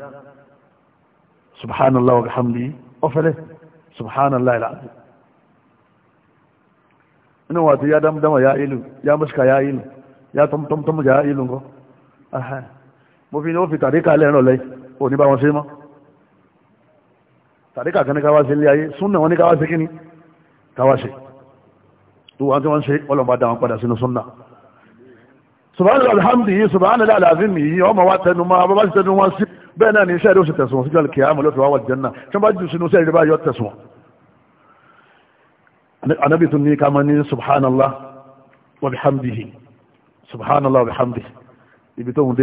سبحان الله وبحمده وفلقا سبحان الله العظيم ina wata ya dama dama ya ilu ya muska ya ilu ya tum tum tum ya ilu ko aha mo fi ní ó fi tàdíkà lẹ́ràn lẹ́yìn ò ní bá wọn ṣe mọ́ tàdíkà kan ní káwá sí ilé ayé súnà wọn ní káwá sí kíní káwá ṣe gbogbo àwọn tí wọ́n ń ṣe ọlọ́mọ dá wọn padà sínú súnà subhanallah alhamdulilayi subhanallah alazim yìí ọmọ wa tẹnu máa bàbá ti tẹnu wọn sí bẹ́ẹ̀ náà ní iṣẹ́ ìdó sì tẹ̀sùn síjọ́ kìáàmù ló fi wà jẹ́nà tí wọ́n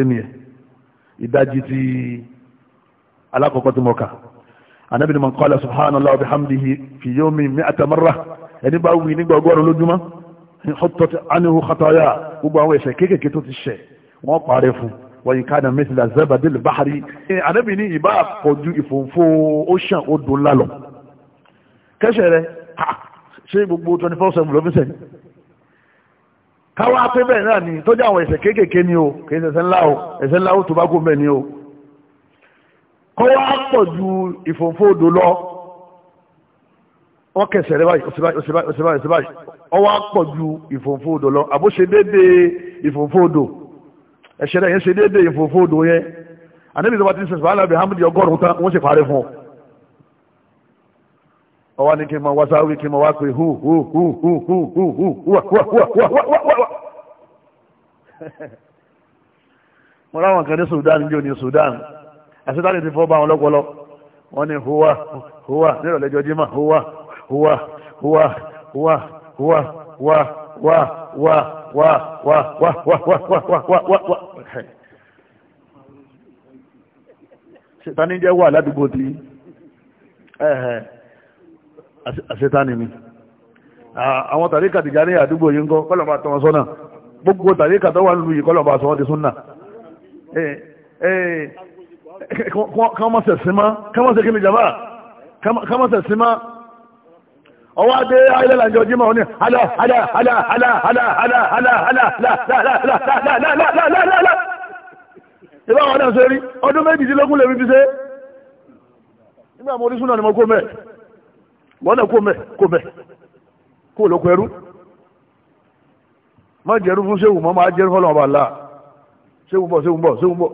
ìdajì ti alákọ̀ọ́kọ́ tí mo kà anabi ni man qala subhanallah wa bihamdihi fi yawmin mi'ata marra ẹni bá wí nígbà ọgọ́rùn lójúmọ́ hutat anhu khataya gbogbo àwọn ẹ̀ṣẹ̀ kéékèèké tó ti ṣẹ̀ wọ́n parẹ́ fún wa in kana mithla zabadil bahri anabi ni ìbá àpọ̀jù ìfòǹfò ocean odò ńlá lọ kẹ́sẹ̀ rẹ̀ ṣé gbogbo twenty four seven lọ́fíìsẹ̀ káwá pé bẹ́ẹ̀ náà ni tó jẹ́ àwọn ẹ̀ṣẹ̀ kéékèèké ni o kì í ṣe ẹ̀ṣẹ̀ ńlá o ẹ̀ṣẹ̀ ńlá o tó bá kó bẹ́ẹ̀ ni o kọ́ wá pọ̀ ju ìfòfòdò lọ wọ́n kẹsẹ̀ rẹ báyìí òṣèbáyìí òṣèbáyìí ọ wá pọ̀ ju ìfòfòdò lọ àbó ṣe déédéé ìfòfòdò ẹ̀ṣẹ̀ rẹ̀ yẹn ṣe déédéé ìfòfòdò yẹn àníbi tó ti ṣe sàbálà bíi ọwá ní kí ma wá sáwí kí ma wá pé hu hu hu hu hu hu hu wàwàwàwàwà mo ráwọn kan ní Sudan ní òní Sudan àṣítàlẹ̀ ti fọ́ bá wọn lọ́pọ̀lọ́ wọ́n ní hùwà hùwà nírọ̀lẹ́jọ́ jímà hùwà hùwà hùwà hùwà hùwà wà wà wà wà wà wà wà wà wà wà wà wà wà ṣètàní jẹ́ wà ládùúgbò tí ẹ̀hẹ̀ Asetani mi àwọn tàríkà ti jáde àdúgbò yìí ń kọ́ kọ́lọ̀bà tọmọ sọ́nà gbogbo tàríkà tó wà ń lu yìí kọ́lọ̀bà sọ wọ́n ti súnà kọ́mọ́sẹ̀símá ọwọ́ adé ayélujájọ jímọ̀ ní alá alá alá alá alá alá alá alá lálálálálálálálálálá ìbá wọn náà ṣe rí ọdún méjìdínlógún lè rí bí ṣe nígbà mo rí súnà ni mo kó mẹ́ẹ̀ wọ́n náà kó mẹ́ kó mẹ́ kó lóko ẹrú má jẹ́rú fún séwù mọ́ máa jẹ́rú fọ́lọ́mọ́ bàálà séwù bọ̀ séwù bọ̀ séwù bọ̀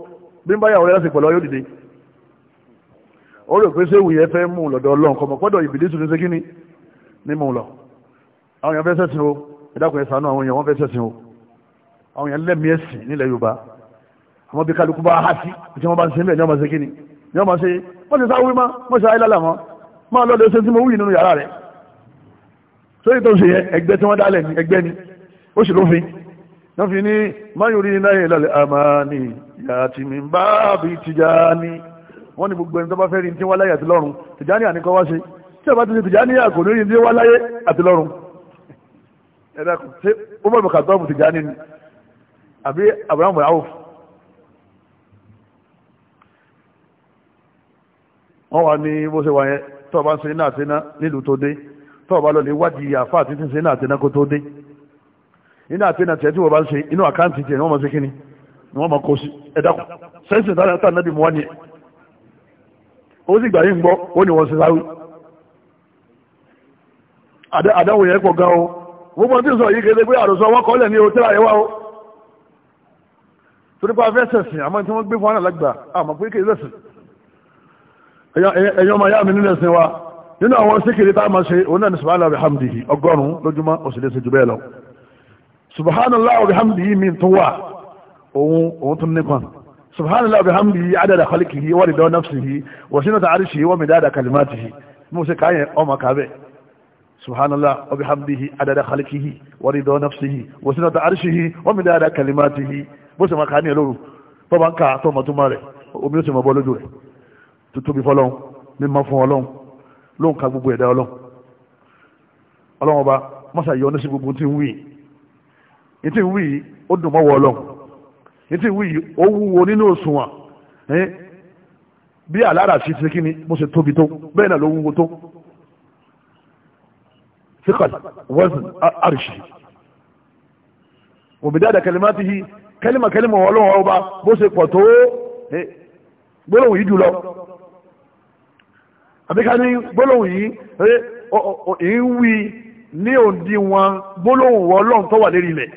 bí n bá yàwó rẹ̀ láti pẹ̀lú ọyọ́ dìde ó rò pé séwù yẹn fẹ́ mú lọ́dọ̀ ọlọ́run kọ́mọ pọ́dọ̀ ìbílẹ̀ tuntun ṣe kíni ní mú lọ àwọn èèyàn fẹ́ sẹ́sìn o ìdákùnrin sànú àwọn èèyàn wọ́n fẹ́ sẹ́sìn o àwọn èèyàn lẹ́mìí ẹ̀sìn nílẹ̀ Yorùbá àwọn bí kálukú bá há sí tí wọ́n bá ń ṣe mẹ́ẹ̀ ní ọmọ ṣe kíni ní ọmọ ṣe wọ́n ti sáré wí mọ́ ṣe ayélujára mọ́ máa lọ́dọ̀ ṣe tí mo wí nínú yàrá rẹ̀ sórí tó ṣe yẹ ẹgbẹ́ tí wọ́n dálẹ̀ ní ẹgbẹ́ ni ó sì lófin náà fi ní máyòrí náà ìlàlẹ̀ àmàní yàtì mi bá bí Tìjàní wọ́n ní gbogbo ẹni tó bá fẹ́ rí tí wọ́n láyé àti lọ́run Tìjàní àníkọ́ wá ṣe tí ọba ti ṣe Tìjàní àkò lórí tí wọ́n láyé àti lọ́run ẹ̀dá kò ṣe ó bọ̀ bùkà tọ́ọ̀bù Tìjàní ni àbí Abraham rahuf wọ́n wà ní bó ṣe wà yẹn tọba bá ń ṣe náà tẹ́ná nílùú tó dé tó lọ lè wádìí àfá àti tí ń ṣe náà kó tó dé inú àtẹ́ná tẹ́ tí wọ́n bá ń ṣe inú àkáǹtì ni wọ́n mọ̀ sí kíni ni wọ́n mọ̀ kó sí ẹ̀dàkùn sẹ́sìn tààrà tàà nábì mọ́ ni ó sì gbà yí gbọ́ ó ní wọ́n ṣe sáré àdáwò yẹn pọ̀ gan o tí ń sọ yìí kéde pé àròsọ wọn ní ẹ̀yọ́ ma yá mi nílẹ̀ sin wa nínú àwọn síkìrì tá a máa ṣe òun náà ni subhanallah bihamdihi ọgọ́rùn-ún lójúmọ́ òṣèlè ṣe jù bẹ́ẹ̀ lọ subhanallah bihamdihi mi tún wà òun òun tún nípa subhanallah bihamdihi adada khalqihi wa rida nafsihi wa sinata arshihi wa midada kalimatihi mo ṣe káyẹn ọmọ kábẹ́ subhanallah wa bihamdihi adada khalqihi wa rida nafsihi wa sinata arshihi wa midada kalimatihi bó ṣe máa ká ní ẹlòrú tó bá ń ka tó mọ̀ tó má rẹ̀ omi ó sì mọ̀ bọ́ lójú rẹ̀ tó tóbi fọlọ́n mímọ́ fún ọlọ́n lóun ka gbogbo ẹ̀dá ọlọ́n ọlọ́n ọba mọ́sá yọ ọ́nẹ́sí gbogbo tí ń wí yìí tí ń wí yìí ó dùn mọ́wọ́ ọlọ́n yìí tí ń wí yìí ó wúwo nínú òṣùwọ̀n bí alára sí ti kí ni mo ṣe tóbi tó bẹ́ẹ̀ náà ló wúwo tó ثقل وزن عرشه وبداد كلماته كلمة كلمة ولو عوبا بوسي قطو بلو يجو لو àbíká ní gbólóhùn yìí ń wí ní òǹdí wọn gbólóhùn ọlọ́run tó wà lérí ilẹ̀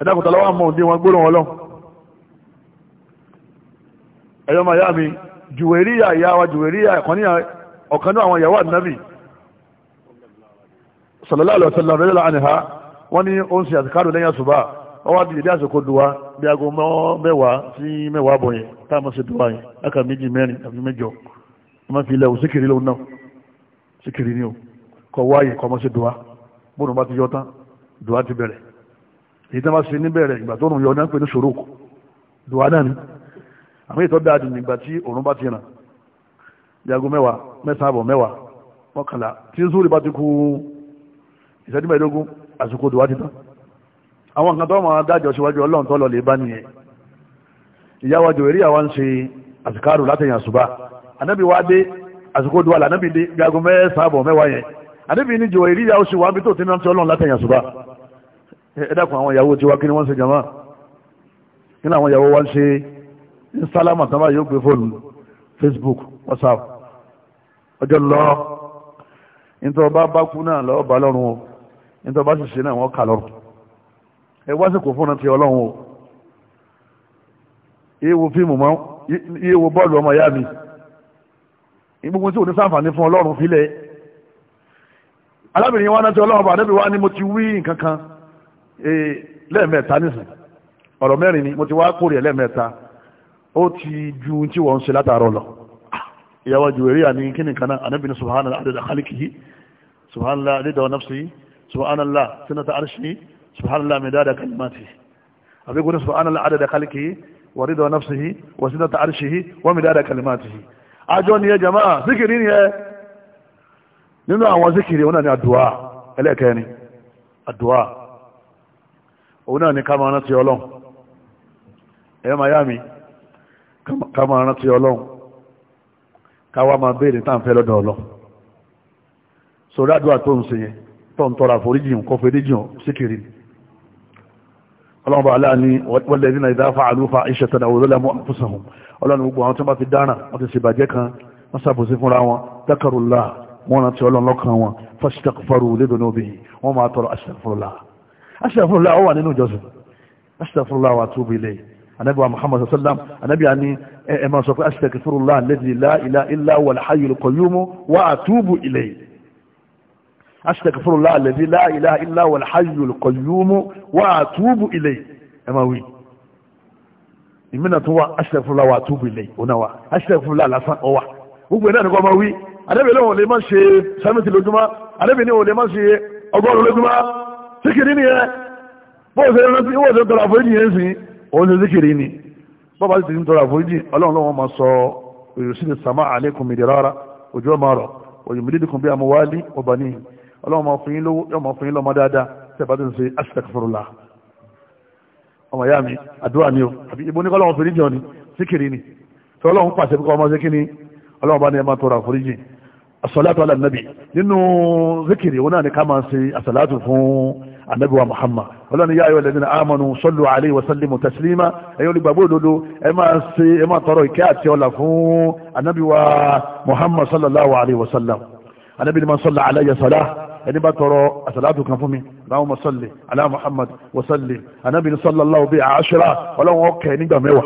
ẹ̀dàkùtà lọ́wọ́ àmọ́ òǹdí wọn gbólóhùn ọlọ́run ẹ̀yọ́ màá yá mi jùwèríyà ìyá wa jùwèríyà ẹ̀kọ́níyà ọ̀kanú àwọn ìyàwó ànábì sallallahu alaihi wasallam rẹ́lẹ́lá àníhá wọ́n ní ó ń ṣe àtìkárò lẹ́yìn àṣùbà wọ́n wá dìde àsìkò dùwà bí aago mẹ́wàá sí mẹ́wàá bọ̀ yẹn táwọn ṣe dùwà yẹn láka méjì mẹ́rin àbí mẹ́jọ má fi ilẹ̀ ò síkiri lóun náà síkiri ni o kọ wáyé kọ mọ́ sí dùá bóun bá ti yọ tán dùá ti bẹ̀rẹ̀ èyí tó bá ṣe níbẹ̀rẹ̀ ìgbà tó rùn yọ náà ń ní ṣòro kù dùá náà ni àmì ìtọ́ dáadì nígbà tí òun bá ti ràn yago mẹ́wàá mẹ́sàn àbọ̀ mẹ́wàá mọ́kànlá tí zúrì bá ti kú ìṣẹ́jú mẹ́ẹ̀ẹ́dógún àsìkò dùá ti tán àwọn nǹkan tó máa dájọ́ síwájú ọlọ́run tó lọ lè bá nìyẹn ìyáwájú eré àwa ń ṣe àsìkáàrù látẹ̀yìn àṣùbà ànábì wá dé àsìkò dùwà lànàbì dé gago mẹ́sàn-án àbọ̀ mẹ́wàá yẹn ni ní jòwò ìríyà oṣù wa bí tó ti ní ọtí ọlọ́run látẹ̀yìn àṣùbà ẹ dákun àwọn ìyàwó tiwa kí ni wọ́n ń ṣe jàmá kí ni àwọn ìyàwó wa ń ṣe ń sálámà tán báyìí Facebook WhatsApp ọjọ́ lọ nítorí ọba bá kú náà lọ́ọ́ bá lọ́rùn o nítorí ọba sì ṣe náà wọ́n kà lọ́rùn ẹ wá sìkò fún ọtí ọlọ́run o iye wo fíìmù mọ́ iye wo bọ́ọ̀lù ọmọ ìyá mi gbogbo tí ò ní sáǹfààní fún ọlọ́run fílẹ̀ alábìnrin wa náà ti ọlọ́run bá níbi wá ní mo ti wí nǹkan kan e, lẹ́ẹ̀mẹ́ta nísìn ọ̀rọ̀ mẹ́rin ni mo ti wá kórè lẹ́ẹ̀mẹ́ta ó ti ju tí wọ́n ń ṣe látàárọ̀ lọ ìyàwó jùwèríà ní kíni kan náà anábìnrin subhanallah adada khaliqihi subhanallah adada nafsihi subhanallah sinata arshihi subhanallah midada kalimatihi àbíkú ní subhanallah adada khaliqihi wa rida nafsihi wa sinata arshihi wa midada kalimatihi àjọ ni ẹ jàmáà síkìrì ni ẹ nínú àwọn síkìrì òun náà ni àdùá ẹlẹ́ẹ̀kẹ́ni àdùá òun náà ni kámọ́ rántí ọlọ́run ẹ máa yá mi kámọ́ rántí ọlọ́run káwá máa béèrè tá à ń fẹ́ lọ́dọ̀ ọlọ́run sọ̀rọ̀ àdúrà tó ń ṣe yẹn tó ń tọrọ àforíjìn kọ́ foríjìn síkìrì ni ọlọ́run bá aláàní wal ladhina idha fa'alu fa'ishatan aw zalamu anfusahum ọlọ́run gbogbo àwọn tó bá ti dára wọ́n ti ṣèbàjẹ́ kan wọ́n ṣàbòsí fúnra wọn dákàrúlá wọ́n rántí ọlọ́run lọ́kàn wọn fásitàkùfàrù lédò ní obìnrin wọ́n máa tọrọ aṣàfúrúlá aṣàfúrúlá ó wà nínú ìjọsìn aṣàfúrúlá wà tóbi ilé anabi wa muhammad sallam anabi ani ẹ máa sọ pé aṣàkìfúrúlá lẹ́dí láìlá ilá wà láàyè kọ̀yúmú wà àtúbù ilé aṣàkìfúrúlá lẹ́dí láìlá ilá wà láàyè kọ̀yúmú wà àtúbù ilé ẹ máa wí ìmínà tó wà aṣẹ́fúnlá wa tó bìlẹ̀ òná wa aṣẹ́fúnlá lásán ọwà gbogbo ẹ̀ náà nìkan máa wí adébẹ̀ lóhùn lè má ṣe sámẹ́tì lójúmọ́ adébẹ̀ ní òun lè má ṣe ọgọ́rùn lójúmọ́ síkìrì ni ẹ bó ṣe rántí wọ́n ṣe tọrọ àforíjì yẹn sìn òun ṣe síkìrì ni bọ́ba ti ń tọrọ àforíjì ọlọ́run lọ́wọ́ máa sọ ìrùsí ni sàmà àlékún mi rárá ọmọ ìyá mi àdúrà ni o àbí ibo ní kọ́ lọ́wọ́ foríjì ọ̀ni síkìrì ni tí ọlọ́run pàṣẹ pé kọ́ ọmọ síkìrì ọlọ́run bá ní ẹ máa tọrọ àforíjì asọ́látù ala nàbì nínú síkìrì òun náà ni ká máa ṣe asọ́látù fún anabi wa muhammad ọlọ́run yá ayọ̀ lẹ́dínà amanu sọ́lù alẹ́ wasallimu taslima ẹ̀yin olùgbàgbọ́ òdodo ẹ máa ṣe ẹ máa tọrọ ìkẹ́ àti ọlà fún anabi wa muhammad sallallahu alaihi wasallam anabi ni ma sọ́lá aláyẹ sọ́lá ẹni bá tọrọ àsàlátù kan fún mi láwọn ma sọ́lẹ̀ alá muhammad wa sọ́lẹ̀ anabi ni sọ́lá aláwọ̀ bí àṣírà ọlọ́run ọkẹ́ nígbà mẹ́wàá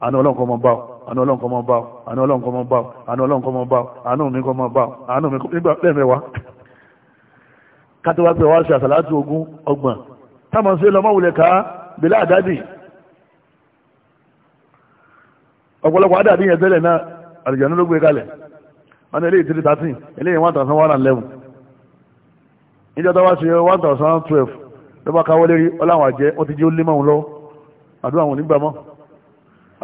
àna ọlọ́run kọ́ mọ́ bá ọ àna ọlọ́run kọ́ mọ́ bá ọ àna ọlọ́run kọ́ mọ́ bá ọ àna ọlọ́run kọ́ mọ́ bá ọ àna mi kọ́ mọ́ bá ọ àna mi nígbà lẹ́mẹ̀wàá kátó wá pé wá ṣe àsàlátù ogún ọgbọ̀n táwọn ṣe lọ mọ́wulẹ̀ ká bílá àdádì ọ̀pọ̀lọpọ̀ àdádì yẹn tẹ́lẹ̀ náà àlùjànnú ló gbé kalẹ̀ wọ́n ní eléyìí three thirteen eléyìí one thousand one and eleven níjọ́ tó wá ṣe one thousand twelve ló bá káwọ́ lérí ọláwọ̀n àjẹ́ wọ́n ti jí ó lé mọ́un lọ́wọ́ àdúrà wọn nígbà mọ́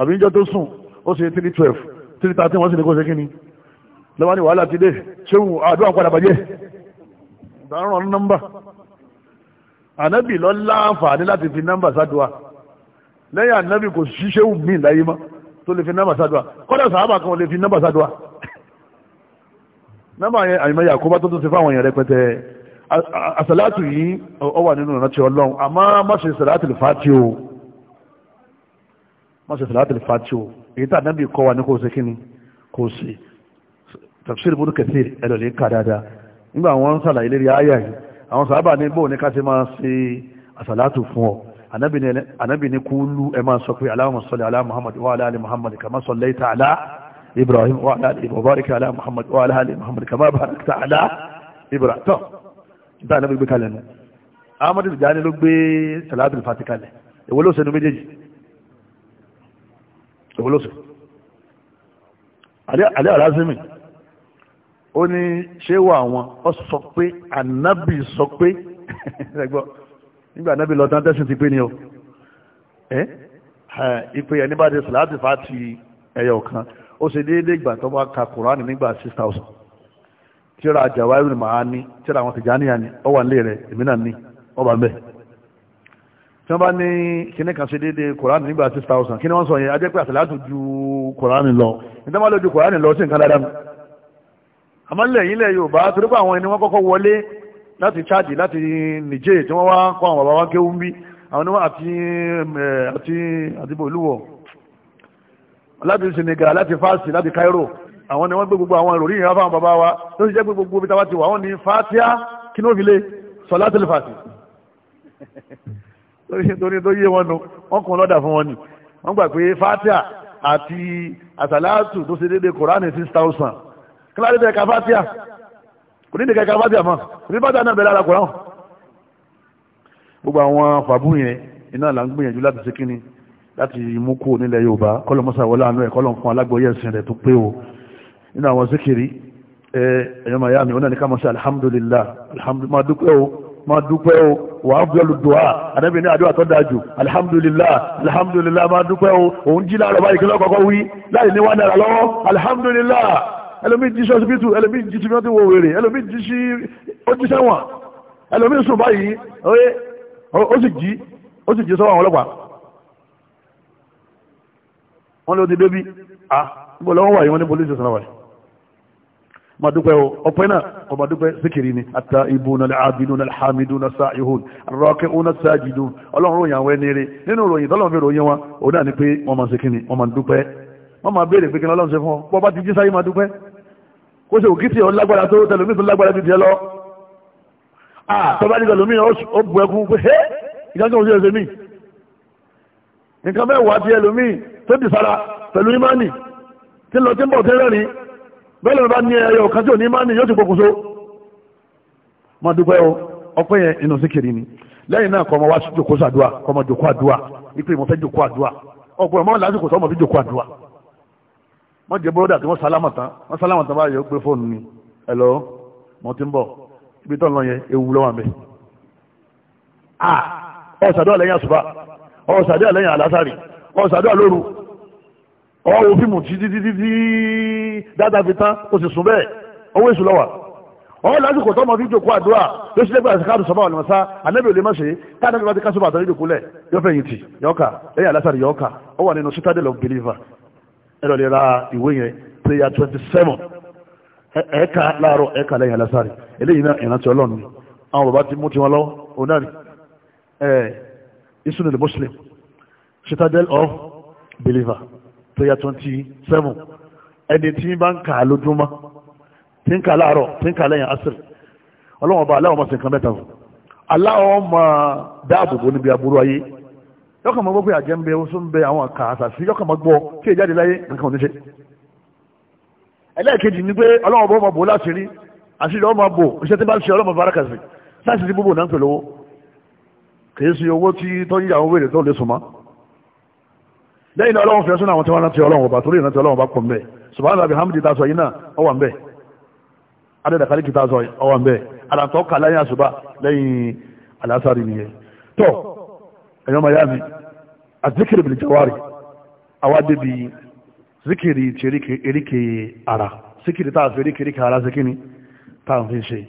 àbí níjọ́ tó sùn ó ṣe three twelve three thirteen wọ́n sì ní kó ṣe kí ni lọ́wọ́ ní wàhálà ti dé ṣéwù àdúrà padà bàjẹ́ ìdáràn nọ́mbà ànábì lọ láǹfààní láti fi nọ́mbà sádùá lẹ́yìn ànábì kò sí ṣéwù míì láyé mọ́ tó lè fi nọ́mbà sádùá kọ́dà sàábà kan lè fi nọ́mbà sádùá nọ́mbà yẹn àyìnbáyà àkóbá tó tún ti fáwọn èèyàn rẹpẹtẹ àsàlátù yìí ó wà nínú ìrántí ọlọ́run àmọ́ má ṣe sàlátì lè fàtí o má ṣe sàlátì lè fàtí o èyí tà nábì kọ́ wa ní kò sí kíni kò sí tafsir búrú kẹsì ẹlọ́lẹ̀ ká dáadáa nígbà wọn ń sàlàyé lérí ayà yìí àwọn sàábà ní bóun ní ká ṣe máa ṣe àsàlátù fún ọ ànábì ní kúlú ẹ máa sọ pé aláwọ̀ sọlẹ̀ aláwọ̀ muhammad wà aláàlẹ̀ muhammad kàmá sọlẹ̀ tààlà ibrahim wa ala ali mubarak ala muhammad wa ala ali muhammad kama barakta ala ibrahim tó níta ní gbé kalẹ̀ nù amadu jani ló gbé salatul fati kalẹ̀ èwo ló sẹnu méjèèjì èwo ló sẹnu alẹ́ alásìmì ó ní ṣé wà wọn ọ sọ pé anabi sọ pé ẹgbọ́ nígbà anabi lọ tán tẹ́sí ti pé ni o ẹ ìpè ẹni bá ti salatul fati ẹyọ kan ó ṣe déédéé ìgbà tó bá ka Quran nígbà six thousand tíra Jawahirul Ma'ani tíra àwọn Tijaniya ni ó wà nílé rẹ̀ èmi náà ní ó bá ń bẹ̀. tí wọ́n bá ní kíní kan ṣe déédéé Quran nígbà six thousand kíní wọ́n sọ yẹn ajẹ́ pé àṣàlátù ju Quran lọ nígbà wọ́n lè ju Quran lọ sí nǹkan dáadáa nù. àmọ́ ilẹ̀ yìí ilẹ̀ Yorùbá torí pé àwọn ẹni wọ́n kọ́kọ́ wọlé láti Chad láti Niger tí wọ́n wá kọ́ àwọn bàbá wa kéwú bí àwọn àti àti àdìbò olúwọ̀ọ́ láti Senegal láti fásitì láti Cairo àwọn ni wọ́n gbé gbogbo àwọn ìròyìn ìyá fáwọn bàbá wa tó ti jẹ́ gbogbo gbogbo bíta wá ti wà wọ́n ní fatia kí ló fi lé sọlá tẹlifàtì torí tó yé wọn nu wọ́n kún lọ́dà fún wọn ni wọ́n gbà pé fatia àti àsàlátù tó ṣe déédéé kòránì six thousand kíláàdé tẹ̀ ká fatia kò ní ìdíkà ká fatia mọ́ kò ní fatia náà bẹ̀rẹ̀ ara gbogbo àwọn fàbú yẹn iná là ń gbìyànjú láti ṣe kíni láti mú kú nílẹ̀ yorùbá kọ́lọ̀ mọ́sà wọlé àánú ẹ̀ kọ́lọ̀ fún alágbóyè ẹ̀sìn rẹ̀ tó pé o nínú àwọn síkìrì ẹ̀yọ́ màá yá mi ọ̀nà ní ká mọ́sà alhamdulillah alhamdulillah máa dúpẹ́ o máa dúpẹ́ o wà á bẹ́ẹ̀lù dùá àdẹ́bí ní àdúrà tó dájú alhamdulillah alhamdulillah máa dúpẹ́ o òun jí láàrọ̀ báyìí kí lọ́kọ̀ọ́kọ́ wí láì ní wà náírà lọ́wọ́ alhamdulillah ẹlòmí jí sọ́sibítù ẹlòmí jí tí wọ́n ó sì jí sọ́wọ́ àwọn ọlọ́pàá wọ́n ló ti débí à gbọ́ lọ́wọ́ wà yìí wọ́n ní police station wà ma dúpẹ́ o ọpẹ́ náà ọba dúpẹ́ síkìrì ni ata ibu na abidu na hamidu na sa'ihun rọ́ọ̀kẹ́ una sajidun ọlọ́run ròyìn àwọn ẹni rẹ̀ nínú ròyìn tọ́lọ́run fi ròyìn wọn òun náà ni pé wọ́n máa síkìrì wọ́n máa dúpẹ́ wọ́n máa béèrè pé kí ọlọ́run ṣe fún ọ bọ́ bá ti jí sáyé tó dì sára pẹ̀lú ìmánì tí lọ tí ń bọ̀ tẹ́rẹ̀ ní bẹ́ẹ̀ lọ́nà bá ní ẹyọ kan tí ò ní ìmánì yóò ti pokùnso má dúpẹ́ o ọpẹ́ yẹn inú sí kiri ni lẹ́yìn náà kọ́ ọmọ wá jòkó sàdúà kọ́ ọmọ jòkó àdúà ipe mo fẹ́ jòkó àdúà ọ̀pọ̀ ọmọ lásìkò tó ọmọ fi jòkó àdúà wọ́n jẹ́ bọ́dà tí wọ́n sálámà tán wọ́n sálámà tán báyìí ó gbé fóònù ni ẹ̀lọ́ mo ti ń bọ̀ ibi tó ń lọ yẹn ewu lọ́wọ́ mi. ọ̀sàdúà ah! lẹ́yìn kọ́ sàdúrà lóru ọwọ́ fíìmù títí dáadáa fi tán o sì sùn bẹ́ẹ̀ owó èṣù lọ́wọ́ ọwọ́ lásìkò tó ọmọ a jòkó àdúrà ló ṣe lẹ́gbẹ̀ẹ́ àti káàdùn sọ́mọ́ ọ̀nàmọ́sá anábì ò lè má ṣe táàdà bí wọ́n ti ká sọ́mọ́ àtọ́jú ìdòkúlẹ̀ yóò fẹ̀yìn tì yọ̀ọ́kà ẹ̀yà lásàrì yọ̀ọ́kà ó wà nínú citadel of believer ẹ̀rọ lè ìwé yẹn prayer twenty seven ẹ̀ẹ́ka láàárọ̀ ẹ̀ẹ́ka lẹ́yìn alásàrì eléyìí náà ìrántí ọlọ́run ti mú lọ́wọ́ ẹ̀ ìsúnilẹ̀ citadel of believer prayer twenty seven ẹni tí bá ń kà á lójúmọ́ tí ń kà láàárọ̀ tí ń kà lẹ́yìn asir ọlọ́wọ́n bá aláwọ̀ máa ṣe nǹkan mẹ́ta fún aláwọ̀ máa dáàbò bò níbi aburú ayé yọkàn máa gbọ́ pé àjẹ́ ń bẹ oṣù ń bẹ àwọn àkà àṣàṣì yọkàn máa gbọ́ tí èyí jáde láyé nǹkan ò ẹlẹ́ẹ̀kejì ni pé ọlọ́wọ́n bọ́ máa bò láti àṣírí ọmọ bò iṣẹ́ tí bá ń ṣe ọlọ́mọ bára kàṣì láti rí búbò náà pẹ̀lú owó kì í ṣe owó tí tọ́jú àwọn wèrè tó lè sùn mọ́ lẹ́yìn ọlọ́run fẹ́ sọ́nà àwọn tí wọ́n rántí ọlọ́run ọba torí ìrántí ọlọ́run ọba pọ̀ mbẹ́ subhanahu rabbi hamdi ta sọ yìí náà ó wà mbẹ́ adada kálíkì ta sọ ó wà mbẹ́ alàtọ́ kà lẹ́yìn àṣùbà lẹ́yìn alásàrì nìyẹn tọ́ ẹ̀yọ́ mayami azikiri bil jawari àwa débi zikiri ti eríkè ara zikiri tá a fi eríkè eríkè ara zikiri tá a fi ṣe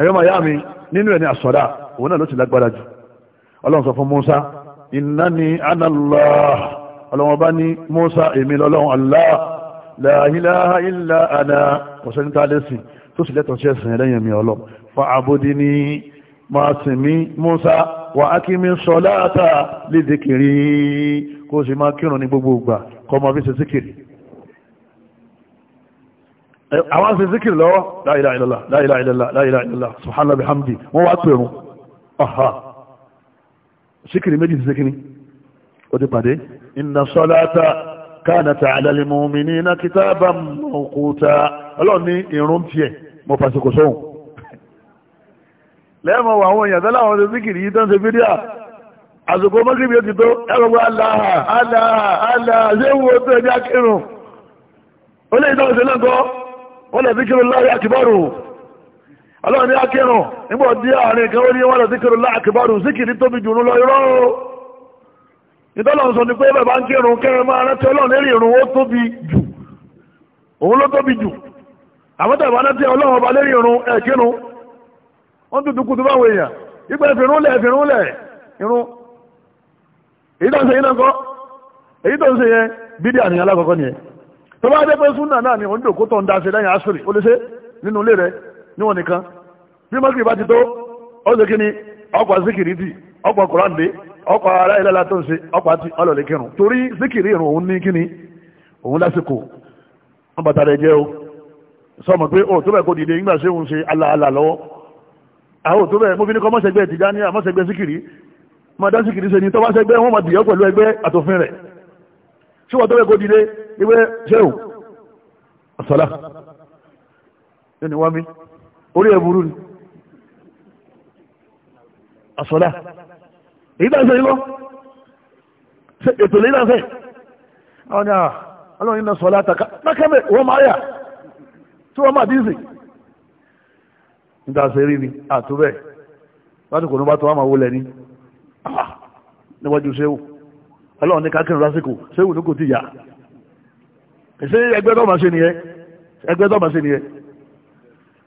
ẹ̀yọ́ mayami nínú ẹ̀ ní àsọ̀dá òun náà ló ti lágbára jù ọlọ́run sọ fún Musa innani anallah ọlọ́wọ́n bá ní Musa èmi lọ́lọ́run Allah la ilaha illa ana kọ̀sẹ́ni tá a lè sìn tó sì lẹ́tọ̀ọ́ sí ẹ̀sìn lẹ́yìn mi ọlọ́ fa àbódì ní máa sìn mí Musa wà á kí mi salata li dhikri kó o sì máa kírun ní gbogbo ìgbà kọ́ ọmọ bí ṣe síkìrì àwọn ṣe síkìrì lọ́wọ́ la ilaha illallah la ilaha illallah la ilaha illallah wọ́n wá pẹ̀rún ọ̀há síkìrì méjì síkìrì ó ti pàdé inna salata kanat ala lil mu'minina kitaban mawquta ọlọ́run ní irun tiẹ̀ mo fàṣekò sóhun lẹ́ẹ̀mọ̀ wọ àwọn èèyàn tẹ́lẹ̀ àwọn ọdún síkìrì yìí tó ń ṣe fídíà àsìkò mọ́kìrì yóò ti tó ẹgbẹ̀gbẹ̀ aláhà aláhà aláhà ṣé wo tó ẹni akírun ó lè dáhùn sí lẹ́ńkọ́ wọ́n lè síkìrì láàrin àkìbọ́rù ọlọ́run ní akírun nígbà díẹ̀ àárín kan ó ní wọ́n lè síkìrì láàrin àkìbọ́rù síkìrì tóbi jù lọ irọ́ ìtọ́lọ́run sọ ni pé bàbá ń kírun kẹrin máa rántí ọlọ́run lérí irun ó tóbi jù òun ló tóbi jù àwọn tàbí rántí ọlọ́run ọba lérí irun ẹ̀ kírun wọ́n tutù kutu báwọn èèyàn ìgbà ìfìrúnlẹ̀ ìfìrúnlẹ̀ irun èyí tó ń ṣe yín náà kọ́ èyí tó ń ṣe bídí àníyàn alákọ̀ọ́kọ́ tó bá dé pé súnà náà ni òun dòkó tó ń lẹ́yìn ó lè ọkọ̀ ọkọ̀ ara ìlẹ́la tó ń ṣe ọkọ̀ àti ọlọ́lẹ̀ kírun torí síkìrì ìrùn òun ní kíni òun lásìkò wọn bàtà rẹ̀ jẹ́ o sọmọ pé o tó bẹ̀ kó dìde nígbà ṣé òun ṣe alaala lọ́wọ́ àwọn tó bẹ̀ mo fi ní kọ́ mọ́sẹ̀gbẹ́ Tìjàníyà mọ́sẹ̀gbẹ́ síkìrì máa dá síkìrì ṣe ni tọ́ bá sẹ́gbẹ́ wọn máa dìyọ́ pẹ̀lú ẹgbẹ́ àtòfin rẹ̀ ṣé wọ́n tó bẹ̀ kó dìde ìwé ṣéun àsọlá ẹni wá mi orí ẹ̀ burú ni àsọlá èyí dáńsẹ̀ ètò lè dáńsẹ̀ àwọn ni ah, ọlọ́run na sọ̀lá àtàkà lákẹ́mẹ̀ wọ́n máa yà tí wọ́n máa díìsì ìdáṣẹ́ rí ni àtúbẹ̀ lásìkò ní bá tó wá máa wọlẹ̀ ní ah, níwájú séwù ọlọ́run ní kákìrì lásìkò séwù ní kò ti yà ẹ̀sẹ̀ ẹgbẹ́ tó ṣe nìyẹn ẹgbẹ́ tó máa ṣe nìyẹn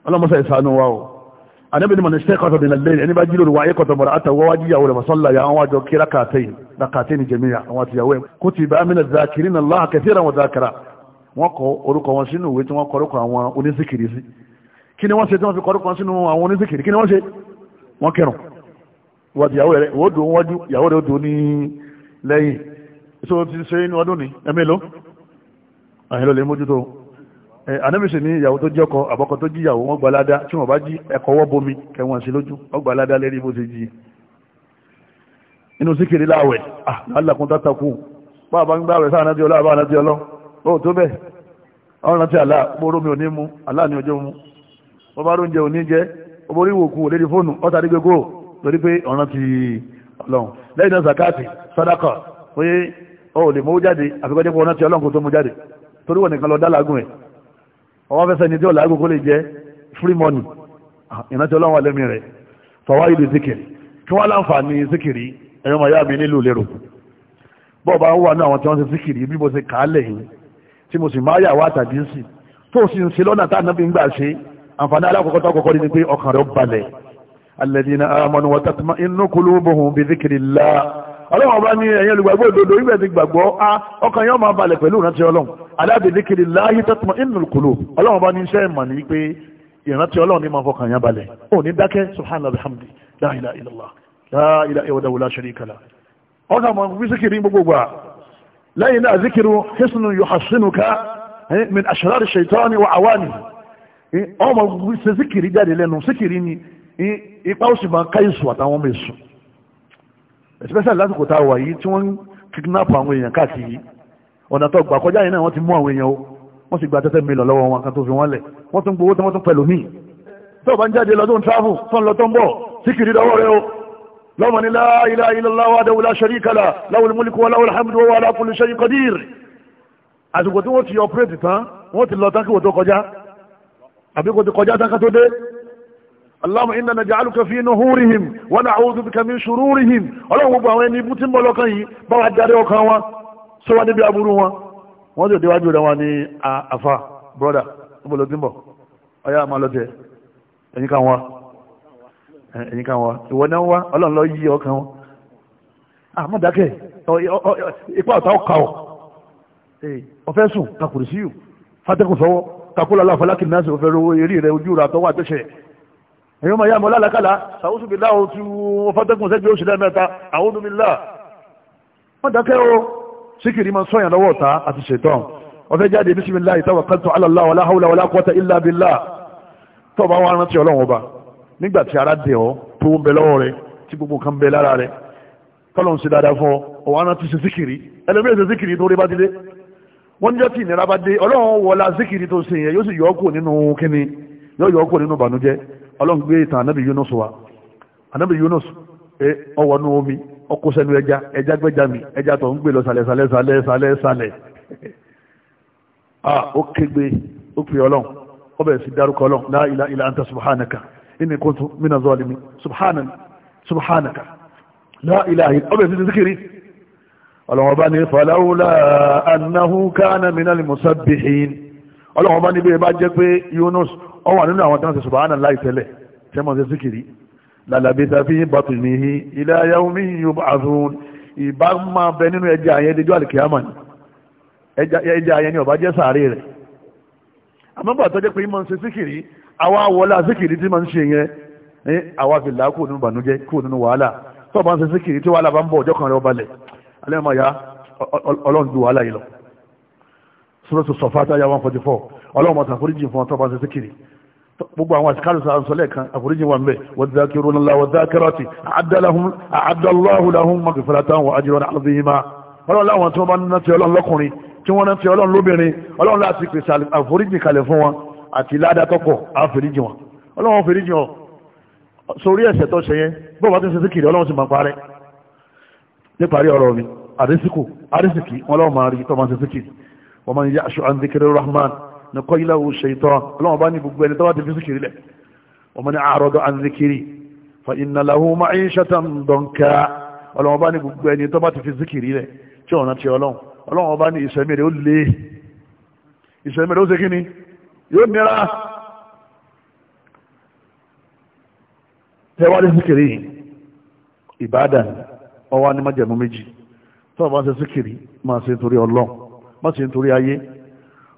ọlọ́mọṣẹ́ o anabi ni mọ̀ ní sẹ́kọ̀tọ̀ ní lẹ́yìn ẹni bá jílò wà ayékọ̀tọ̀ mọ̀rọ̀ àtàwọ́ wájú ìyàwó rẹ̀ mọ̀sánlá ya àwọn àjọ kí rákàtẹ́ ní jẹmíyà àwọn àtìyàwó ẹ̀ kó ti bá amínà zakiri na láà kẹfẹ́ ra wọn zakara wọ́n kọ orúkọ wọn sínú ìwé tí wọ́n kọrúkọ àwọn onísìkiri sí kí ni wọ́n ṣe tí wọ́n fi kọrúkọ sínú àwọn onísìkiri kí ni wọ́n ṣe wọ́n kẹrùn wọ́n ti yàwó rẹ̀ wọ́n dùn wájú ìyàwó anábìsì eh, ní ìyàwó tó jọ́kọ àbọ́kọ tó jíyàwó wọ́n gba ládá tí wọ́n bá jí ẹ̀kọ́ wọ́ bomi kẹwọn sí lójú wọ́n gba ládá lérí bó ṣe jí inú síkiri láwẹ̀ alákun ah, tátakù báàbá ń gbáwẹ̀ sáà náà ti ọlọ́ àbá náà ti ọlọ́ ó tó bẹ́ẹ̀ ọ̀run náà ti àlá gbóró mi ò ní mu àlá ni ọjọ́ mu wọ́n bá róúnjẹ ò jẹ́ oborí wòkú ò fóònù ọ̀tà torí pé zakati sadaka ó yé ó lè mú jáde àfikọ́jẹ́pọ̀ ọ̀run ti ọlọ́run kó tó mú jáde nìkan lọ dá làágùn ẹ̀ ọwọ́ fẹsẹ̀ ní tí ọ̀la agogo lè jẹ́ free money ah, ìrántí ọlọ́run alẹ́mi rẹ̀ fọwọ́ ìlú zikiri kí wọ́n láǹfààní zikiri ẹ̀yọ́ màá yá mi nílùú lérò bọ́ọ̀ bá wà náà àwọn tí wọ́n ṣe zikiri bí mo ṣe kà á lẹ̀ tí mo sì máa yà wá tàbí sí tó sì ń ṣe lọ́nà tá ànábì ń gbà ṣe àǹfààní alákọ̀ọ́kọ́ tó kọ́kọ́ ni pé ọkàn rẹ̀ balẹ̀ alladhina ọlọ́run ọba ní ẹ̀yin olùgbàgbọ́ òdodo ibẹ̀ ti gbàgbọ́ a ọkàn yóò máa balẹ̀ pẹ̀lú ìrántí ọlọ́run aláàbẹ̀dẹ́kẹ̀lẹ̀ láàyè tẹ́tùmọ̀ innal qulub ọlọ́run ọba ní iṣẹ́ ìmọ̀ ní pé ìrántí ọlọ́run ní máa fọkàn yá balẹ̀ ó ní dákẹ́ subhanahu wa bihamdi la ilaha illallah la ilaha wahdahu la sharika lah ọ̀sán mọ̀ fi síkiri gbogbo gbà lẹ́yìn especially lásìkò tá a wà yìí tí wọ́n ń kidnap àwọn èèyàn káàkiri ọ̀nà tó gbà kọjá yìí náà wọ́n ti mú àwọn èèyàn o wọ́n sì gba tẹ́tẹ́ mílọ̀ lọ́wọ́ wọn kan tó fi wọ́n lẹ̀ wọ́n tún gbowó tí wọ́n tún pẹ̀lú míì tó bá ń jáde lọ tó ń travel tó ń lọ tó ń bọ̀ síkìrì lọ́wọ́ rẹ o lọ́mọ ni la ilaha illallah wahdahu la sharika lahu lahul mulku wa lahul hamdu wa huwa ala kulli shay'in qadir àsìkò tí wọ́n ti operate tán wọ́n ti lọ tán kí wọ́n tó kọjá àbí kò ti kọjá tán ká tó dé Allahumma inna naj'aluka fi nuhurihim wa na'udhu bika min shururihim ọlọ́run gbogbo àwọn ẹni ibú tí ń bọ́ lọ́kàn wa jáde ọkàn wọn sọ wá níbi aburú wọn wọ́n sì déwájú rẹ̀ wọn ní àfà brọ́dà níbòlò kan wá ẹ̀yìn kan wá ìwọ náà wá ọlọ́run lọ yí ọkàn wọn àmọ́ dákẹ́ ẹ̀yọ́ ma yá mọ́ lálàkàlà sàúsùbìlá o tí o fàtẹ́kùn sẹ́gbẹ́ oṣù lẹ́mẹ́ta àwọn olùmílà wọ́n dákẹ́ o síkìrì ma sọ́yàn lọ́wọ́ ta àti ṣètàn ọfẹ́ jáde bisimilahi tawakkaltu ala illa billah tó bá wọn rántí ọlọ́run ọba nígbà tí ara dẹ̀ ọ́ tó ń bẹ lọ́wọ́ rẹ tí gbogbo kan bẹ lára rẹ tọ́lọ̀ ń ṣe dáadáa fún ọ ọ̀wọ́n rántí ṣe síkìrì ẹlẹ́mìíràn ṣe síkìrì tó yóò sì yọ nínú kíni ọlọ́run gbé ìtàn anábì Yunus wa anábì Yunus ọwọ́ nú omi ọkọ sẹ́nu ẹja ẹja gbẹ́ja mi ẹja tó ń gbé lọ sàlẹ̀ sàlẹ̀ sàlẹ̀ sàlẹ̀ sàlẹ̀ ah ó kégbe ó pè ọlọ́run ó bẹ̀rẹ̀ sí dárúkọ ọlọ́run la ilaha illa anta subhanaka inni kuntu mina zalimin subhanaka subhanaka la ilaha illa ó bẹ̀rẹ̀ sí zikiri ọlọ́run bá ní falawla annahu kana minal musabbihin ọlọ́run bá ní bẹ́ẹ̀ bá jẹ́ pé Yunus ọ wà nínú àwọn tí wọ́n ti subhanallahi tẹ́lẹ̀ tí wọ́n ti síkìrì lálàbí tàbí bàtù níhi ila yawmi yub'athun ìbá máa bẹ nínú ẹja àyẹn dídú àlìkìyàmà ni ẹja àyẹn ni ọba jẹ́ sàárè rẹ̀ àmọ́bà tó jẹ́ pé ìmọ̀ ń ṣe síkìrì àwa wọlá síkìrì tí ma ń ṣe yẹn ní àwa fi làá kúrò nínú bànújẹ́ kúrò nínú wàhálà tó bá ń ṣe síkìrì tí wàhálà bá ń bọ̀ ọjọ́ kan rẹ̀ ọba lẹ̀ alẹ́mọ̀ ya ọlọ́run ju wàhálà yìí lọ sọ́dọ̀ sọ̀fà táyà one forty four ọlọ́run mọ̀tàn foríjì fún ọ tó bá ń ṣe síkìrì gbogbo àwọn àṣìkárù sàánsọ́lẹ̀ kan àforíjì wà mẹ́ wàzákírún Allah wàzákírọ́tì àdàláhùláhùn magfiratan wa ajran azima ọlọ́run láwọn tí wọ́n bá náà ti ọlọ́run lọ́kùnrin tí wọ́n náà ti ọlọ́run lóbìnrin ọlọ́run láti pèsè àforíjì kalẹ̀ fún wọn àti ládàtọ́kọ̀ àforíjì wọn nìkọ́ ilé òun ṣe ìtọ́ ọlọ́wọ́n bá ní gbogbo ẹni tó bá ti fi síkiri lẹ̀ ọmọ ní àròdọ̀ àǹzikiri fa inna lahu ma'ishatan danka ọlọ́wọ́n bá ní gbogbo ẹni tó bá ti fi síkiri lẹ̀ tí ọ̀nà ti ọlọ́wọ́n ọlọ́wọ́n bá ní ìṣẹ́mi rẹ̀ ó lé ìṣẹ́mi rẹ̀ ó ṣe kí ni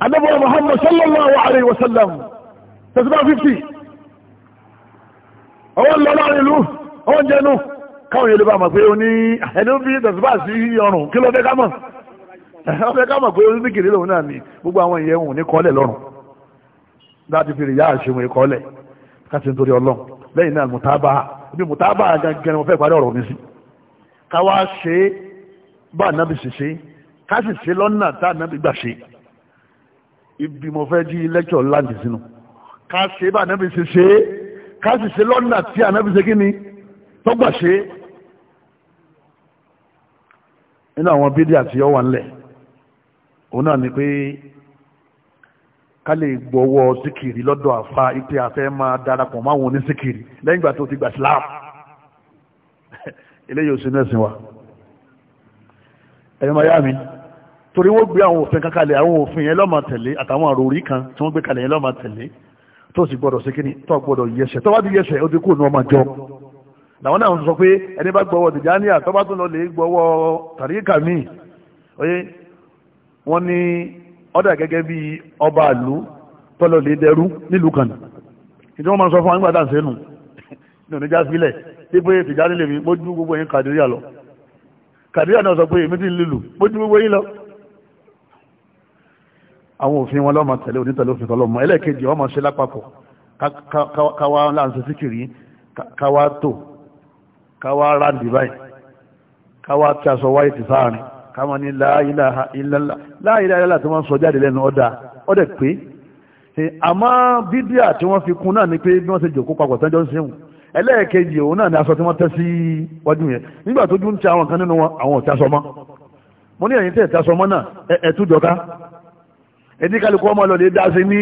adébọ̀wọ̀ Muhammad sallallahu alayhi wa sallam tẹ̀síbá 50 ọwọ́ lọ láàrin ìlú ọwọ́ jẹnu káwọn yẹlẹ bá mọ̀ pé o ní ẹni bí tẹ̀síbá sí ọrùn kí ló fẹ́ ká mọ̀ wọ́n fẹ́ ká mọ̀ pé o ní kìrì lòun náà ni gbogbo àwọn ìyẹn òun ní kọ́lẹ̀ lọ́rùn láti fi rìyà àṣewọ̀n ìkọ́lẹ̀ káṣí nítorí ọlọ́run lẹ́yìn náà mùtábà bí mùtábà gangan mo fẹ́ parí ọ̀rọ̀ mi sí káwá ṣe bá ànábì ṣe ṣe ká sì ṣe lọ́nà tá ànábì gbà ṣe ibi mo fẹ́ jí lẹ́kṣọ̀ láǹdì sínú ká ṣe bá ànábì ṣe ṣe é ká sì ṣe lọ́nà tí ànábì ṣe kí ni tọ́gbà ṣe é nínú àwọn bídí àti ọwà ńlẹ̀ òun náà ni pé ká lè gbọ́wọ́ síkìrì lọ́dọ̀ àfa ipe àfẹ́ máa darapọ̀ máwọn onísíkìrì lẹ́yìn ìgbà tó ti gbà síláàmù eléyìí ò sí nẹ́sìn wa ẹ̀yọ́ máa yá mi torí wọ́n gbé àwọn òfin kankalẹ̀ àwọn òfin yẹn lọ́mà tẹ̀lé àtàwọn àròrí kan tí wọ́n gbé kalẹ̀ yẹn lọ́mà tẹ̀lé tó sì gbọ́dọ̀ sí kíní tó gbọ́dọ̀ yẹsẹ̀ tó bá ti yẹsẹ̀ ó ti kú ní ọmọ jọ làwọn náà sọ pé ẹni bá gbọ́wọ́ tìjánìyà tó bá tún lọ lè gbọ́wọ́ tàríkà míì oye wọ́n ní ọ̀dà gẹ́gẹ́ bí ọba àlú tọ́lọ̀ lè dẹrú nílùú kan ìdí náà sọ pé èmi ti ń lílù mójú gbogbo yín lọ àwọn òfin wọn lọ́mọ tẹ̀lé onítẹ̀lé òfin tọ́lọ́mọ ẹlẹ́ẹ̀kejì ọmọ ṣe lápapọ̀ káwa láǹṣe síkìrí káwa tó káwa ráǹdì báyìí káwa tí aṣọ wáyé ti sáàrin káwa ní láìláha ìlàlá láìláha tí wọ́n sọ jáde lẹ́nu ọ̀dà ọ̀dẹ̀ pé àmọ́ bídíà tí wọ́n fi ni pé bí wọ́n ṣe jòkó papọ̀ tán jọ ń sẹ́wọ̀n ẹlẹ́ẹ̀kejì òun náà ni aṣọ tí wọ́n tẹ́ sí wájú yẹn nígbà tó dún ti àwọn kan nínú àwọn ò aṣọ mọ́ mo ní ẹ̀yìn tẹ́ ẹ̀ aṣọ mọ́ náà ẹ̀ ẹni kálukú ọmọ lọ́lẹ̀ dá sí ní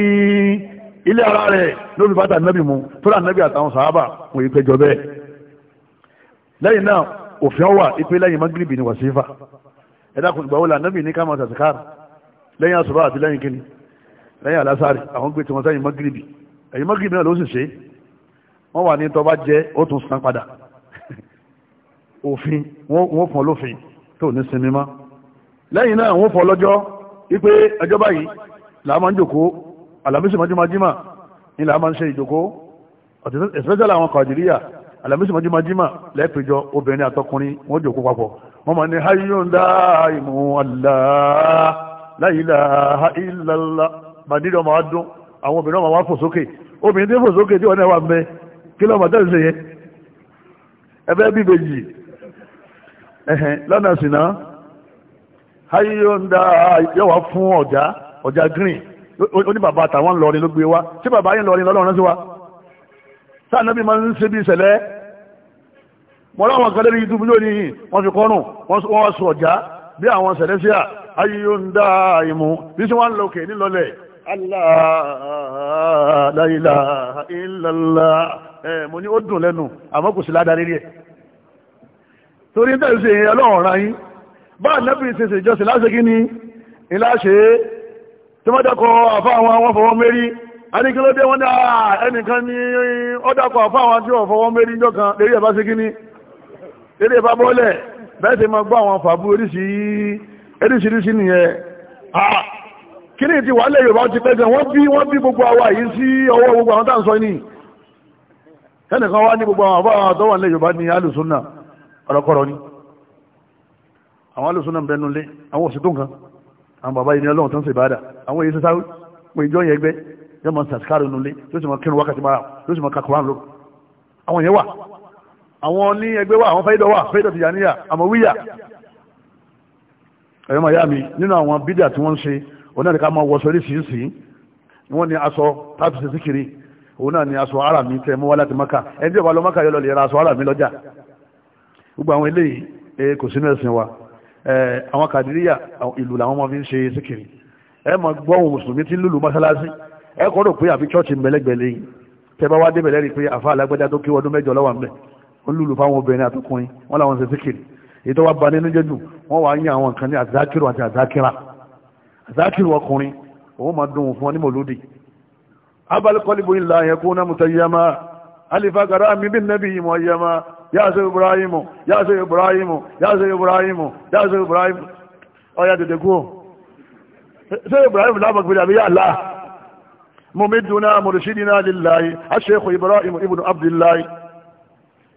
ilé ara rẹ̀ lórí bàtà nẹ́bì mu tó rà nẹ́bì àtàwọn sàábà wọn ìpẹjọ bẹ́ẹ̀ lẹ́yìn náà òfin wà ipe lẹ́yìn magribi ni wàsífà ẹ̀dàkùn ìgbà wọlé nẹ́bì ní kámọ̀ tàṣíkàr lẹ́yìn àṣùbà àti lẹ́yìn kíni lẹ́yìn alásàrì àwọn gbé tí wọ́n sẹ́yìn magribi ẹ̀yìn magribi náà ló sì ṣe wọ́n wà ní tó bá ó tún san padà òfin wọ́n fọ́n lófin tó ní sinimá lẹ́yìn náà wọ́n fọ́ lọ́jọ́ wípé ẹjọ́ báyìí làá máa ń jòkó àlàmísì mọ́jímájímà ni làá máa ń ṣe ìjòkó especially àwọn kàdìríyà àlàmísì mọ́jímájímà lẹ́ẹ̀pẹ̀jọ obìnrin àtọkùnrin wọ́n jòkó papọ̀ wọ́n máa ní hayyun dáìmù Allah la ilaha illallah màdídì ọmọ adún àwọn obìnrin ọmọ wa fò sókè obìnrin tí fò sókè tí wọ́n náà wà mẹ́ kí lọ́mọ tẹ́lẹ̀ ṣe yẹn ẹfẹ́ bíbejì lọ́nà sínà hayonda yóò wá fún ọ̀já ọ̀já green ó ní bàbá àtàwọn ńlọrin ló gbé wá ṣé bàbá yín ńlọrin lọ́lọ́run rán sí wa sáà náà bí máa ń ṣe bí ìṣẹ̀lẹ̀ mọ̀lá àwọn kan lórí youtube lónìí wọ́n fi kọ́nù wọ́n wá sọ ọ̀já bí àwọn sẹ̀lẹ́síà ayéyóndá ìmú bí sí wọ́n ń lókè nílọlẹ̀ Allah la ilaha illallah ẹ̀ mo ní ó dùn lẹ́nu àmọ́ kò sí ládàá rírí ẹ̀ torí ń tẹ̀sí ọlọ́run ra yín bá ànábì ṣèṣe ìjọsìn láṣẹ kí ni ìláṣẹ tí wọ́n dẹ́kọ̀ àfa àwọn àwọn fọwọ́ mérí aníkílódé wọ́n dáa ah, ẹnìkan ní ọ́dàkọ̀ àfa àwọn tí wọ́n fọwọ́ mérí níjọ́ kan lérí ẹ̀bá ṣe kí ni lérí ẹ̀bá bọ́ọ̀lẹ̀ bẹ́ẹ̀ ti máa gbọ́ àwọn fàbú oríṣiríṣi nìyẹn kí ni ti wàhálẹ̀ yorùbá ti pẹ́ gan wọ́n bí wọ́n bí gbogbo àwa yìí sí ọwọ́ gbogbo àwọn tá à ń sọ ní ẹnìkan wá ní gbogbo àwọn àbá àwọn àtọ́wọ̀ nílẹ̀ yorùbá ní alùsùn náà ọ̀rọ̀kọ̀rọ̀ ni àwọn alùsùn náà bẹnu lé àwọn òsì tó nǹkan àwọn bàbá yìí ní ọlọ́run tó ń ṣe ìbáadà àwọn èyí sísáwí pé ìjọ yẹn gbẹ yóò máa sàṣkárò nulẹ̀ yóò sì máa kírun wákàtí mara yóò sì máa ka koran lò àwọn yẹn wà àwọn ní ẹgbẹ́ wà àwọn fẹ́dọ̀ wà fẹ́dọ̀ tìjàníyà àmọ̀wíyà ẹ̀yọ́ màá yá mi nínú àwọn bídà tí wọ́n ń ṣe òun náà ní ká máa wọ sọrí sí ni wọ́n ní aṣọ táàbì sí síkiri òun náà ní aṣọ ara mi tẹ mọ́ wá láti maka ẹni tí ò bá lọ maka yọ lọ lè ra aṣọ ara mi lọ́jà gbogbo àwọn eléyìí eh, kò sínú ẹ̀sìn wa àwọn kàdíríyà ìlú làwọn ọmọ fi ń ṣe síkìrì ẹ mọ gbọ́hùn mùsùlùmí tí lùlù mọ́sálásí ẹ kọ́ rò pé àfi chọ́ọ̀chì mẹ́lẹ́gbẹ̀lẹ́ yìí tẹ bá wá débẹ̀ lẹ́rìí pé àfa alágbádá tó kí ọdún mẹ́jọ lọ́wọ́ ńbẹ̀ ó lùlù fáwọn obìnrin àtọkùnrin wọn làwọn ṣe síkìrì èyí tó wá ba nínú jẹ́jù wọ́n wá yín àwọn nǹkan ní àzákìrò àti àzákìrà àzákìrò ọkùnrin òun máa dùn fún ọ ní mòlúdì abalikọ́líbo ńlá náà mú tayé yá alifagara mi bí nàbí yìí mọ̀ yá yáṣe ibrahimu yáṣe ibrahimu yáṣe ibrahimu yáṣe ibrahimu ọya tètè kú ṣe ibrahimu lábàgbèrè àbí yà láà mọ̀mídùnà murshidina lillahi aṣẹ́kù ibrahimu ibn abdullahi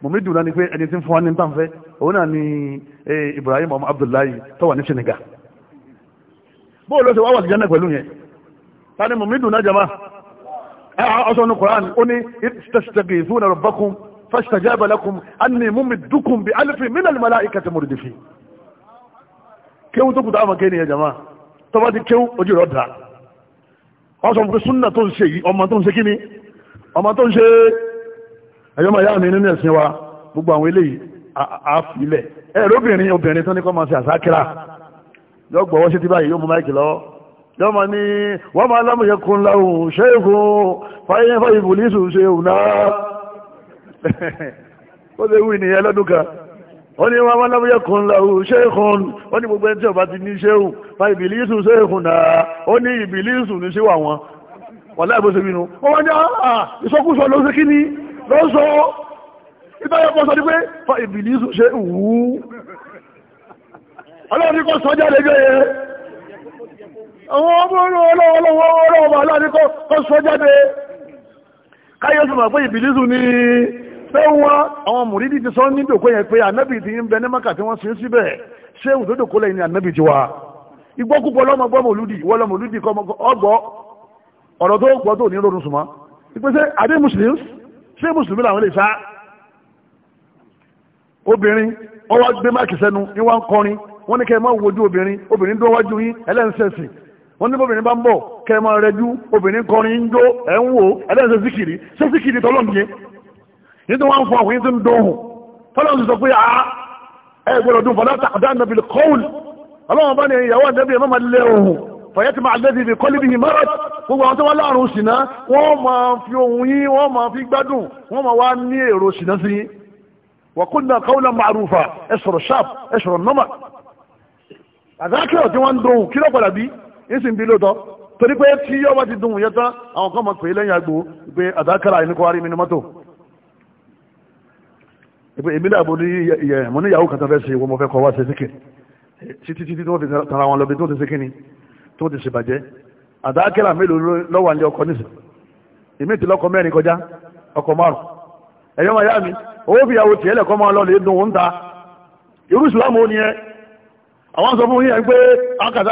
mọ̀mídùnà ni pé ẹni tí ń fún wa ní tàǹfẹ́ òun náà ni eh, ibrahimu ọmọ abdullahi tó wà ní senegal bóò ló ṣe wá wà sí jẹ́nà pẹ̀lú yẹn ta ni mọ̀mídùnà jama ọ̀ṣọ́nu kùránì fastajaba lakum anni mumiddukum bi alifin min almalaikati murdifin kéwù tó kùtà àmàké ni ẹjàmá tó bá ti kéwù ojú rẹ̀ dà wọ́n sọ pé súnà tó ń ṣe yìí ọmọ tó ń ṣe kíni ọmọ tó ń ṣe ẹ̀yọ́mọ̀ ìyá mi nínú ẹ̀sìn wa gbogbo àwọn eléyìí àfilẹ̀ ẹ̀rọ obìnrin obìnrin tó ní kọ́ máa ṣe àsákìrà yóò gbọ́wọ́ sí ti báyìí yóò mú máìkì lọ́wọ́ yóò máa ní wọ́n máa lámùyẹ̀kùn láwùn ṣéèkùn fáyẹ́ fáyẹ́ ìbùlísù ṣe òun náà ó lè wí nìyẹn lọ́dún kan ó ní wọn lábúyẹ kan láwù ṣéhùn ó ní gbogbo ẹni tí ọba ti ní ṣéhùn fa ìbìlísù ṣéhùn náà ó ní ìbìlísù ní ṣéwà wọn wọn láì bó ṣe bínú ó wá ní ìsọkúsọ ló ṣe kíní ló sọ ìtayọ̀ pọ̀ sọ ní pé fa ìbìlísù ṣéhùn wú ọlọ́run ní kò sọ jáde jẹ́ yẹ àwọn ọmọ ọlọ́wọ́ ọlọ́wọ́ aláàríkọ́ sọ jáde káyọ̀ sọ mọ̀ pé ìbìlísù ní pé wọ́n àwọn mùrídìí ti sọ ní dòkó yẹn pé ànábì ti ń bẹ ní maka tí wọ́n sin síbẹ̀ ṣé òdòdòkó lẹ́yìn ni ànábì ti wá igbó púpọ̀ lọ́mọ gbọ́ mòlúdì ìwọ lọ́mọ mòlúdì kọ́ ọgbọ́ ọ̀rọ̀ tó gbọ́ tó ní ronú sùnmọ́ ìpèsè àdé muslims ṣé mùsùlùmí làwọn lè sá obìnrin ọwọ́ gbé máàkì sẹ́nu ní wọ́n kọrin wọ́n ní kẹ́ ẹ máa wojú obìnrin obìnrin dó wájú yín ẹlẹ́nsẹ̀sì wọ́n ní bóbìnrin bá ń bọ̀ kẹ́ ẹ máa rẹjú obìnrin kọrin ń jó ẹ̀ ń wò ẹlẹ́nsẹ̀ síkìrì ṣé síkìrì tọ́lọ́ nìyẹn yìí tó wọ́n ń fọ ọkùnrin tó ń dóhùn tọ́lọ́n ti sọ pé àá ẹ gbọ́dọ̀ dún fọlá tàkàdá nàbìlì kọ́ùl ọlọ́wọ́n bá ní ìyàwó àdẹ́bí ẹ̀ máa lé ohun fọyẹ́ ti máa lẹ́bi ìbìkọ́ níbi ìmọ̀ràn gbogbo àwọn tó wá láàrùn ṣìnà wọ́n máa fi ohun yín wọ́n máa fi gbádùn wọ́n máa wá ní èrò ṣìnà sí yín wàkúndà kọ́ùlà màrúfà ẹ sọ̀rọ̀ sharp ẹ sọ̀rọ̀ normal àdákẹ́rọ̀ tí wọ́n ń dohùn kí lọ́pàdà bí ń sì ń bí lóòótọ́ torí pé tí yọ́ bá ti dohùn yẹn tán àwọn kan máa pè é lẹ́yìn àgbo pé àdákẹ́rọ̀ àìníkọ́ arí mi ni mọ́tò pé èmi náà mo ní ìyẹ mo ní ìyàwó kan tó fẹ́ ṣe fẹ́ kọ wá ṣe títí títí tara wọn lọ́bi tó ti síkè ni tó ti mélòó lọ́wọ́ àlẹ́ èmi ti lọ́kọ mẹ́rin kọjá ọkọ márùn ẹ̀yọ́ máa yá mi owó fi ìyàwó tiẹ̀ lẹ̀kọ́ máa lọ dùn òun ta irú ìsìlámù ó nìyẹn àwọn sọ fún yín pé akàtà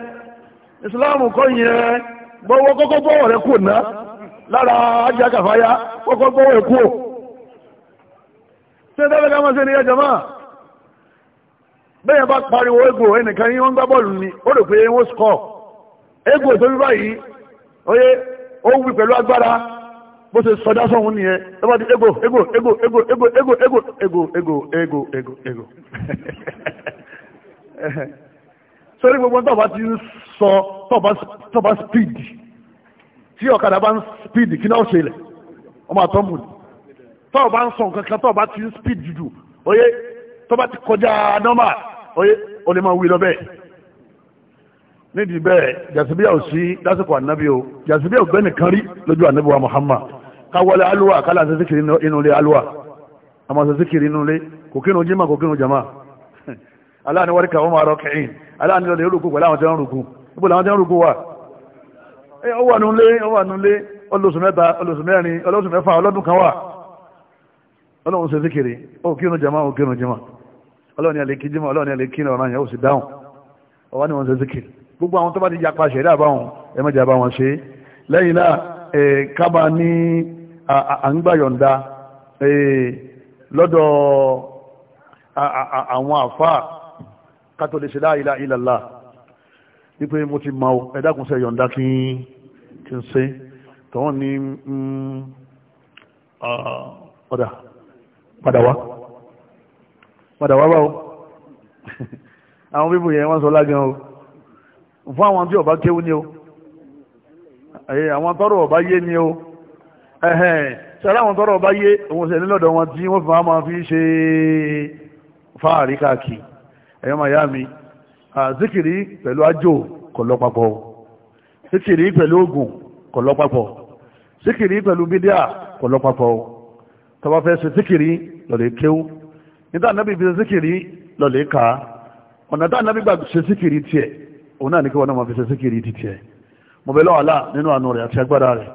islam kọ́ yẹn gbọ́wọ́ kọ́kọ́ bọ́wọ́ rẹ kò ná lára ajá kàfáyá kọ́kọ́ bọ́wọ́ rẹ kò ṣé dábẹ́ ká máa ní ẹjọ́ máa bẹ́ẹ̀ bá pariwo ego ẹnìkan yín wọ́n gbá bọ́ọ̀lù ni ó rò pé wọ́n sọ ego tó bí báyìí oyè ó wí pẹ̀lú agbára bó ṣe sọdá nìyẹn bá di ego ego ego ego ego ego ego ego ego ego ego ego. sórí gbogbo tó bá ti ń sọ tó bá speed tí ọ̀kadà bá ń speed kí náà ṣẹlẹ̀ ọmọ àtọ́mù ni tó bá ń sọ nǹkan kan tó bá ti ń speed jù oyé tó bá ti kọjá normal oyé o lè máa wí lọ bẹ́ẹ̀ nídìí bẹ́ẹ̀ jàsíbíà ò sí lásìkò ànábì o jàsíbíà ò gbẹ́nì kan rí lójú ànábì wa Muhammad káwọlé alúwà kálá àṣẹ síkiri inú ilé alúwà àmọ́ àṣẹ síkiri inú ilé kò kínú jimá kò kínú jama aláàni wọ́n rí kàwọn máa rọ́kẹ̀ẹ́ aláàni lọ lè rúkú pẹ̀lú àwọn tí wọ́n rúkú ibò làwọn tí wọ́n rúkú wà ó wà nulé ó wà nulé olóṣù mẹ́ta olóṣù mẹ́rin olóṣù mẹ́fà ọlọ́dún kan wà ọlọ́run ṣe síkiri ó kírun jama ó kírun jama ọlọ́run ni àlèkí jama ọlọ́run ni àlèkí ọ̀ràn yẹn ó sì dáhùn ọwọ́ ni wọ́n ṣe síkiri gbogbo àwọn tó bá ti yapa ṣẹ̀rí àbáwọn ẹ mẹ́jẹ̀ àbáwọn ṣe lẹ́yìn náà kábà ní àǹgbàyọ̀ǹda lọ́dọ̀ àwọn àfáà kátó lè ṣe la ilaha illallah wípé mo ti mọ ẹ̀dàkùn sẹ́ yọ̀ǹda kí kí n ṣe tọ́wọ́n ní mm, ah, ọ̀dà padà wá padà wá báwo àwọn bíbù yẹn wọ́n sọ lágan o fún àwọn tí ọba kéwú ni o àwọn tọrọ ọba yé ni o ṣẹlẹ àwọn tọrọ ọba yé òun ṣẹlẹ lọ́dọ̀ wọn tí wọ́n fi máa fi ṣe fáàrí káàkiri ẹ̀yọ́ máa yá mi zikiri pẹ̀lú ajo kò lọ zikiri pẹ̀lú oògùn kò lọ zikiri pẹ̀lú bídíà kò lọ papọ̀ tó fẹ́ ṣe zikiri lọ́lẹ̀ kéwú nígbà nábì fi ṣe zikiri lọ́lẹ̀ ká ọ̀nà tá nábì gbà ṣe zikiri tiẹ̀ òun náà ní kí wọn náà máa fi ṣe zikiri ti tiẹ̀ mo bẹ lọ́wọ́ àlá nínú àánú rẹ̀ àti agbára rẹ̀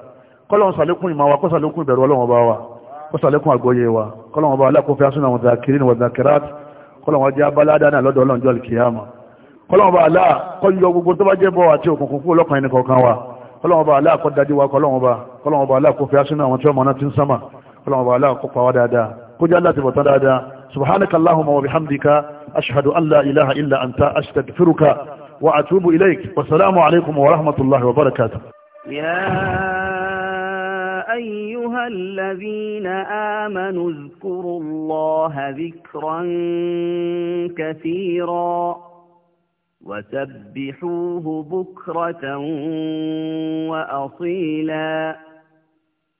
kọ́lọ́n sàlékún ìmọ̀ wa kọ́sàlékún ìbẹ̀rù ọlọ́wọ́n bá wa kọ́sàlékún àgbọ́yé wa kọ́lọ́wọ́n bá wa alákòófẹ́ asúnà kọ́lọ̀wọ́n jẹ́ abáládá náà lọ́dọ̀ ọlọ́njọ́ alkiyama kọ́lọ̀wọ́n bá aláà kọ́lọ̀ gbogbo tó bá jẹ́ bọ́ àti òkùnkùn fún ọlọ́kan ẹni kọ̀ọ̀kan wa kọ́lọ̀wọ́n bá aláà kọ́ dájú wa kọ́lọ̀wọ́n bá aláà kó fi aṣínú àwọn tí ọmọ náà ti ń sámà kọ́lọ̀wọ́n bá aláà kó pa wá dáadáa kó أيها الذين آمنوا اذكروا الله ذكرا كثيرا وسبحوه بكرة وأصيلا